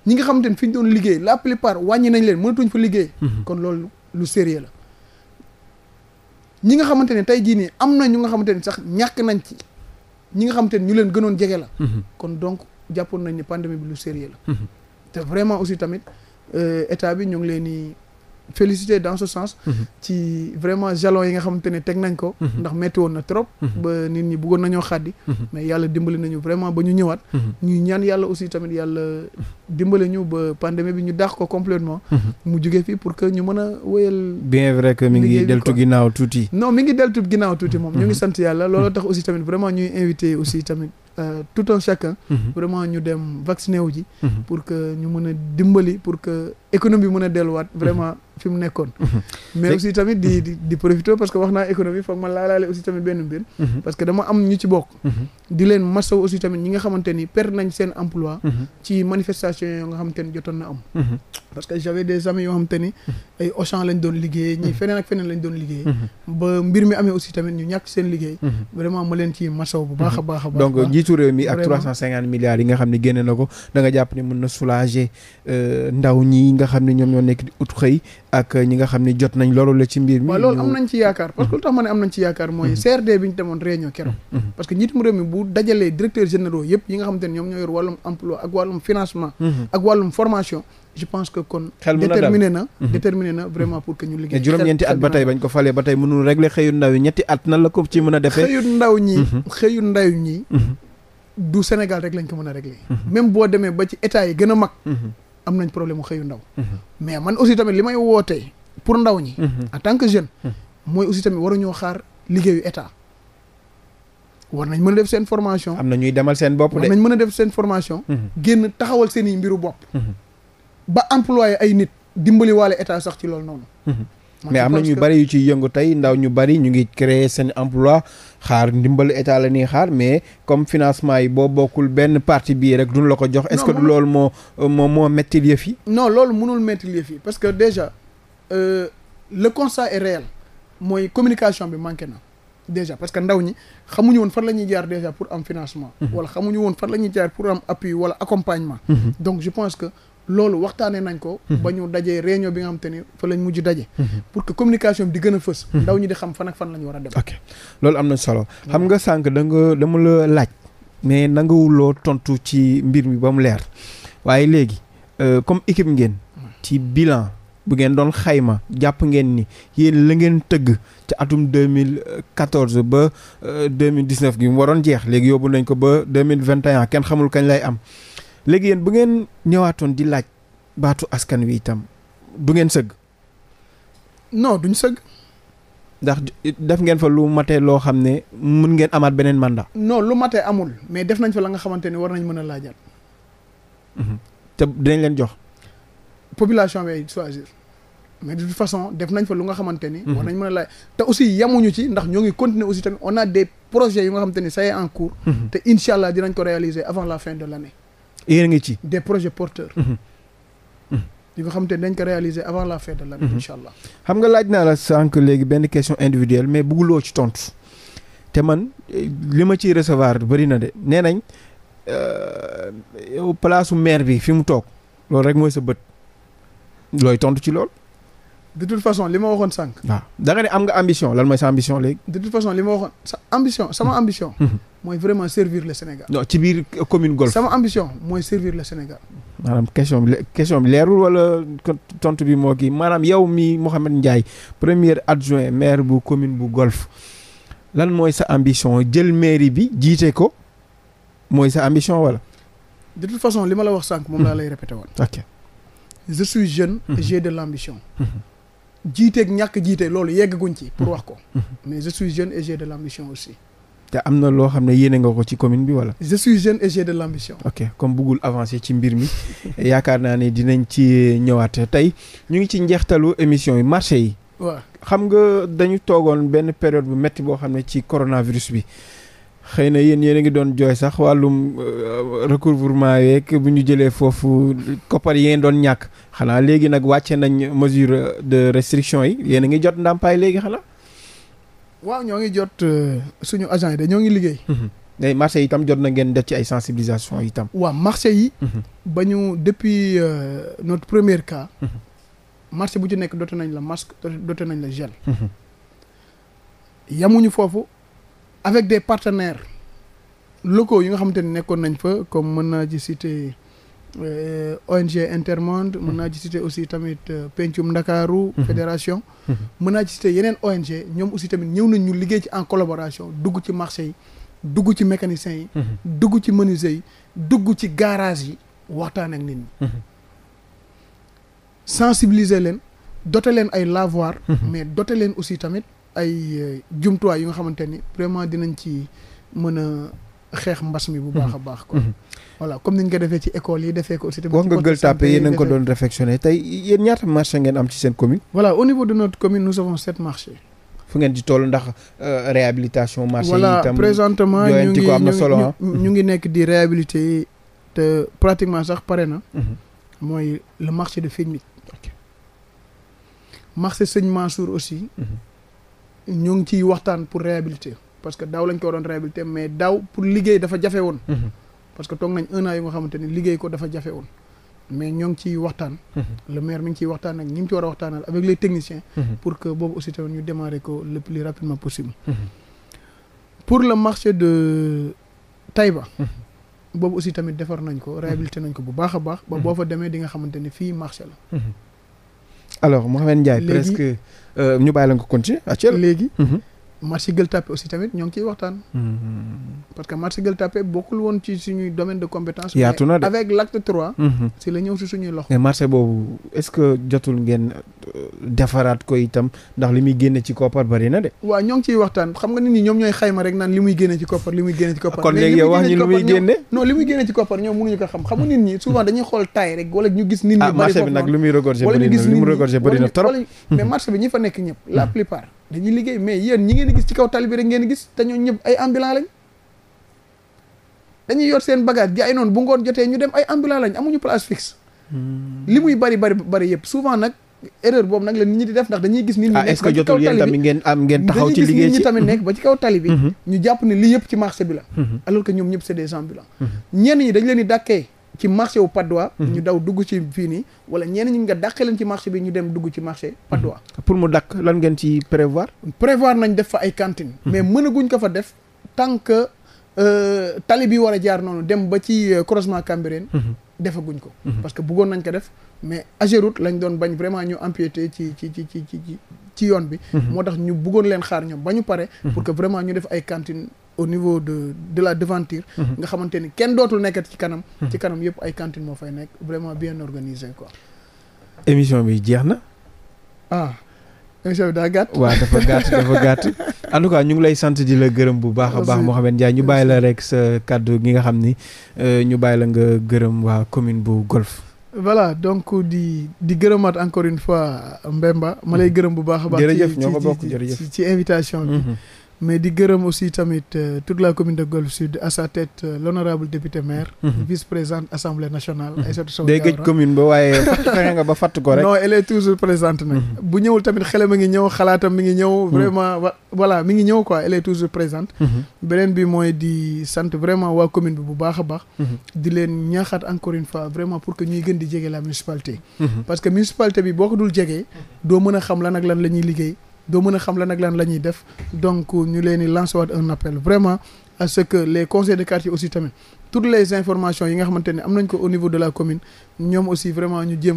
ñi nga xamante ne fi ñu doon liggéey la plupart wàññi nañ leen mënatuñ fa liggéey. Mhm. kon loolu lu sérieux la. ñi nga xamante ne tey jii nii am na ñu nga xamante ne sax ñàkk nañ ci ñi nga xamante ne ñu leen gënoon jege la. Mhm. kon donc jàppoon nañ ni pandémie bi lu sérieux la. Mhm. te vraiment aussi tamit euh, état bi ñu ngi leen félicité dans ce sens. Mhm. ci vraiment jalon yi nga xamante ne teg nañ ko. Mhm. ndax metti woon na trop. Mhm. ba nit ñi bëggoon nañoo xàddi. mais yàlla dimbali nañu vraiment ba ñu ñëwaat. ñuy ñaan yàlla aussi tamit yàlla dimbali ñu ba pandémie bi ñu dàq ko complètement mu jugee fii pour que ñu mën a wéyal. bien vrai que mi ngi deltu ginnaaw tuuti. non mi ngi deltu ginnaaw tuuti moom. ñu ngi sant yàlla looloo tax aussi tamit vraiment ñuy invité aussi tamit. Euh, tout un chacun. Mhm. vraiment ñu dem vacciné wu ji. Mhm. pour que ñu mën a dimbali pour que économie mën a delluwaat. Mhm. vraiment fi nekkoon. mais aussi tamit di di di profité parce que wax naa économie foog ma laalaale aussi leen aussi tamit ñi nga xamante ni nañ seen emploi. ci manifestation yoo nga xamante ni jotoon na am. parce que j'avais des amis yoo xamante ni. ay Auchan lañ doon liggéey ñii feneen ak feneen lañ doon aussi tamit ñu ñàkk seen liggéey. vraiment ma leen ci masaw bu baax a baax a baax. njiitu réew mi ak milliards yi nga xam ne génne na ko da jàpp ne mën na soulager euh, ndaw ñi nga xam ne ñoom ñoo nekk di ut xëy ak euh, ñi nga xam ne jot nañ loolu la ci mbir mi mhm. mhm. Mhm. bu dajalee directeurs généraux yëpp yi nga xam te ne ñoom ñoo yor wàllum emploi ak wàllum financement ak wàllum formation juróom-ñeenti at ba tey bañ ko falee ba tey mënul régler xëyu ndaw ñi du Sénégal rek lañ ko mën a régler. même boo demee ba ci état yi gën a mag. am nañ problème mu xëyu ndaw. mais man aussi tamit li may wootee pour ndaw ñi. en tant que jeune. mooy aussi tamit waruñoo xaar liggéeyu état. war nañ mën a def seen formation. am na ñuy demal seen bopp de. nañ mën a def seen formation. génn taxawal seen i mbiru bopp. ba employé ay nit dimbali waale état sax ci loolu noonu. mais am na ñu bari yu ciy yëngu tey ndaw ñu bari ñu ngi créer seen emploi xaar ndimbalu état la ñuy xaar mais comme financement yi boo bokkul benn parti bii rek duñ la ko jox. est-ce loolu moo moo moo métti yëf yi. loolu mënul métti yëf yi parce que déjà euh, le constat est réel mooy communication bi manqué na. déjà parce que ndaw ñi xamuñu woon fan la ñuy jaar déjà pour am financement. Mhm. wala xamuñu woon fan la ñuy jaar pour am appui wala accompagnement. Mhm. loolu waxtaanee nañ ko. Mhm. ba ñu dajee réunion bi nga xam te ni fa lañ mujj daje. Mhm. pour que communication bi di gën a fës. Mhm. ndaw ñu di xam fan ak fan la ñu war a dem. ok loolu am na solo. xam nga sànq da nga dama la laaj. mais nangawuloo tontu ci mbir mi ba mu leer waaye léegi euh, comme équipe ngeen. ci bilan bu ngeen doon xayma jàpp ngeen ni yéen la ngeen tëgg ci atum 2014 ba 2019 euh, gi mu waroon jeex léegi yóbbu nañ ko ba 2021 kenn xamul kañ lay am. léegi yéen bu ngeen ñëwaatoon di laaj baatu askan wi itam du ngeen sëgg. non duñ sëgg. ndax def ngeen fa lu matee loo xam ne mun ngeen amaat beneen la non lu matee amul mais def nañ fa la nga xamante ne war nañ mën a laajaat. Mhm. te dinañ leen jox. population bi ay choisir mais de toute façon def nga xamante ni. Mhm. war nañ mën a laaj te aussi yamuñu ci ndax ñoo ngi continuer aussi tamit on a des projets yu nga te ni ça est en cours. Mhm. te incha dinañ ko réaliser avant la fin de l' yéen a ngi ci. des projets porteurs. Mm-hmm. Mm-hmm. yi nga xam te dañ ko réaliser avant la fin de l' année. Mm-hmm. allah xam nga laaj naa la sànq léegi benn question individuelle mais bugguloo ci tontu. te man li ma ciy recevoir bëri na de nee nañ euh, yow palaasu maire bi fi mu toog loolu rek mooy sa bët looy tontu ci lool. de toute façon li ma waxoon sànq. waaw da nga am nga ambition lan mooy sa ambition léegi. de toute façon li ma waxoon sa ambition sama hmm. ambition. Hmm. mooy servir le Sénégal. non ci biir commune Golf. sama ambition mooy servir le Sénégal. maanaam question bi question wala tontu bi moo kii maanaam yow mi Mouhamed Ndiaye premier adjoint maire bu commune bu Golf lan mooy sa ambition jël mairie bi jiite ko mooy sa ambition wala. de façon li ma la wax sànq. moom laa hmm. lay répété woon. ok je suis jeune. et j'ai de l'ambition. jiiteeg ñàkk jiite loolu yeggaguñ ci pour mhm. wax ko mhm. mais je jeune et j'ai de l'ambition aussi te am na loo xam ne yéene nga ko ci commune bi wala je suis jeune et j'ai de l'ambition ok comme bëggul avancer ci mbir mi (laughs) yaakaar naa ne dinañ ci ñëwaat tey ñu ngi ci njeextalu émission yi marché yi waaw xam nga dañu toogoon benn période bu métti boo xam ne ci coronavirus bi xëy na yéen yéen a ngi doon jooy sax wàllum euh, recouvrement yeeg bu ñu jëlee foofu koppar yi ngeen doon ñàkk xanaa léegi nag wàcce nañ mesure de restriction yi yéen a ngi jot ndàmpaay léegi xanaa. waaw ñoo ngi jot euh, suñu agent yi de ngi liggéey. Mm-hmm. mais marché yi itam jot na ngeen def ci ay sensibilisation itam. waa marché yi. Mm-hmm. ba ñu depuis euh, notre premier cas. Mm-hmm. marché bu ci nekk dote nañ la masque dote nañ la gel. yamuñu foofu. avec des partenaires locaux yi nga xamante ne nekkoon nañ fa comme mën naa ci citer euh, ONG Intermonde mën naa ci citer aussi tamit euh, Pencum Ndakaaru mhm. fédération mhm. mën naa ci citer yeneen ONG ñoom aussi tamit ñëw nañ ñu liggéey ci en collaboration dugg ci marché yi dugg ci mécaniciens yi mhm. dugg ci menuisiers yi dugg ci garage yi waxtaan ak nit ñi sensibiliser leen dote leen ay lavoir mais dote leen aussi tamit ay euh, jumtuwaay yu nga xamante ni vraiment dinañ ci mën a xeex mbas mi bu baax a mhm. baax kon mhm. voilà comme ni ñu ko defee ci école yi defee ko aussi tamit wax nga Gueule Tapée yéen a ngi ko doon réfectionné tey yéen ñaata marché ngeen am ci seen commune voilà au niveau de notre commune nous avons sept marchés fu ngeen di toll ndax euh, réhabilitation marché yi itam présentement ñu ngi am na solo ah. ñu ngi nekk di réhabilité te pratiquement sax pare na mhm. mooy le marché de Fenwick marché Sëñ aussi ñu ngi ciy waxtaan pour réhabiliter parce que daaw lañ ko doon réhabiliter mais daaw pour liggéey dafa jafe woon. Mhm. parce que toog nañ un an yu nga xamante ni liggéey ko dafa jafe woon. mais ñoo ngi ciy waxtaan. Mhm. le maire mi ngi ciy waxtaan ak ñi mu ci war a waxtaanal avec les techniciens. Mhm. pour que boobu aussi tamit ñu démarrer ko le plus rapidement possible. pour le marché de Taïba. boobu aussi tamit defar nañ ko réhabilité nañ ko bu baax a baax. ba boo fa demee di nga xamante ni fii marché la. alors Mohamed Ndiaye presque. Euh, ñu bàyyi la nga continuer actuel ah, léegi mhm. marché Gueule Tapée aussi tamit ñoo ngi ciy waxtaan mhm. parce que marché Gueule Tapée bokkul woon ci suñuy domaine de compétence yaatu na de avec l'acte trois si mhm. la ñëw si suñuy loxo mais marché boobu est-ce que jotul ngeen defaraat ko itam ndax li muy génne ci koppar bari na de. waaw ñoo ngi ciy waxtaan xam nga nit ñi ñoom ñooy xayma rek naan li muy génne ci koppar li muy génne ci koppar. kon léegi yow wax ci koppar xam nga nit ñi souvent dañuy xool rek wala ñu muy regorger na lu muy regorger bari na trop. (laughs) mais marché bi ñi fa nekk ñëpp la hmm. plupart dañuy gis ci kaw tali bi rek ngeen gis te ñoom ay noonu bu ngoon jotee ñu dem ay ambulant lañ amuñu place hmm. li muy bari bari bari yëpp souvent nag erreur boobu nag la nit ñi di def ndax dañuy gis nit ñi ah, est-ce que jotul yéen tamit ngeen am ngeen taxaw ci liggéey ci tamit nekk ba ci kaw tali bi mhm. ñu jàpp ne lii yëpp ci marché bi la mhm. alors que ñoom ñëpp c'est des ambulants mhm. ñi dañ leen di ci marché dugg fii nii wala ñenn ñi nga dàkkee leen ci marché bi ñu dem dugg ci marché Padois pour mu dakk lan ngeen ci prévoir prévoir nañ def fa ay cantine mais mën mënaguñ ko fa def tant que euh, tali bi war a jaar noonu dem ba ci euh, croisement Cambérène defaguñ ko parce que bëggoon nañ ko def mais Ageroute lañ doon bañ vraiment ñu empiété ci ci ci ci ci ci yoon bi. Mhm. moo tax ñu buggoon leen xaar ñoom ba ñu pare. Mhm. pour que vraiment ñu def ay cantines au niveau de de la devanture. Mhm. nga xamante ni kenn dootul nekkati ci kanam. ci kanam yëpp ay cantines moo fay nekk vraiment bien organisé ko émission bi jeex na. ah émission bi daa gàtt. waaw dafa gàtt dafa gàtt. (laughs) en ñu ngi lay sant di la gërëm bu baax a baax moo xam Mouhamed Ndiaye ñu bàyyi la rek sa kàddu gi nga xam ni euh, ñu bàyyi la nga gërëm waa commune bu Golf. voilà donc di di gërëmaat encore une fois Mbemba ma lay gërëm bu baax a baax. jërëjëf ñoo bokk jërëjëf ci ci invitation bi. Mm-hmm. mais di gërëm aussi tamit euh, toute la commune de Golf Sud à sa tête euh, l'honorable député maire. Mhm. vice-présidente assemblée nationale. Mhm. day gëj commune ba waaye fexe nga ba fàtt ko rek. non elle est toujours présente nag. Mhm. bu ñëwul tamit xelam a ngi ñëw xalaatam mi ngi ñëw. vraiment voilà mi ngi ñëw quoi elle est toujours présente. beneen bi mooy di sant vraiment waa commune bi bu baax a baax. di leen ñaaxaat encore une fois vraiment pour que ñuy gën di jege la municipalité. parce que municipalité bi boo ko dul jege. doo mën a xam lan ak lan la ñuy liggéey. doo mën a xam lan ak lan def donc ñu leen di un appel vraiment à ce que les conseils de quartier aussi tamit toutes les informations yi nga xamante ne am nañ ko au niveau de la commune ñoom aussi mmh. yi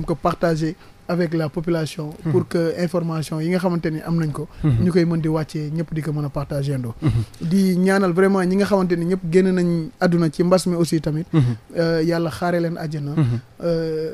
nga xamante ni am nañ ko. Mmh. ñu koy mën di wàccee ñëpp di ko mën a partager ndoo mmh. di ñaanal vraiment ñi nga xamante ni ñëpp génn nañ àdduna ci mbas mi aussi tamit. Euh, yàlla xaare leen àjjana. Euh,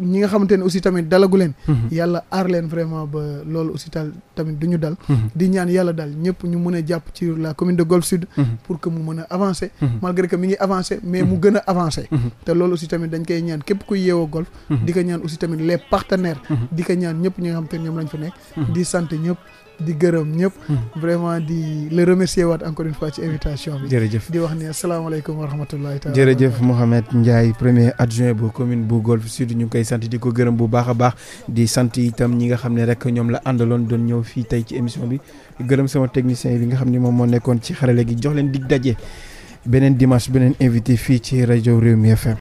ñi nga xamante ne aussi tamit dalagu leen. Mhm. yàlla aar leen vraiment ba loolu aussi tamit du ñu dal. Mhm. di ñaan yàlla dal ñëpp ñu mën a jàpp ci la commune de Golf Sud. Mhm. pour que mu mën a avancer. malgré que mi ngi avancé mais mu gën a avancer. te loolu aussi tamit dañ koy ñaan képp ku yeewoo Golf. di ko ñaan aussi tamit les partenaire di ko ñaan ñëpp ñu nga xamante ne ñoom lañ fa nekk. di sant ñëpp. di gërëm ñëpp. Hmm. vraiment di le remercier waat encore une ci invitation bi. jërëjëf di wax ne asalaamaaleykum wa rahmatullahi taala. jërëjëf Mouhamed Ndiaye premier adjoint bu commune bu Golf du ñu koy sant di ko gërëm bu baax a baax di sant itam ñi nga xam ne rek ñoom la àndaloon doon ñëw fii tey ci émission bi gërëm sama technicien bi nga xam ni moom moo nekkoon ci xarale gi jox leen dig daje beneen dimanche beneen invité fii ci rajo Rewmi FM.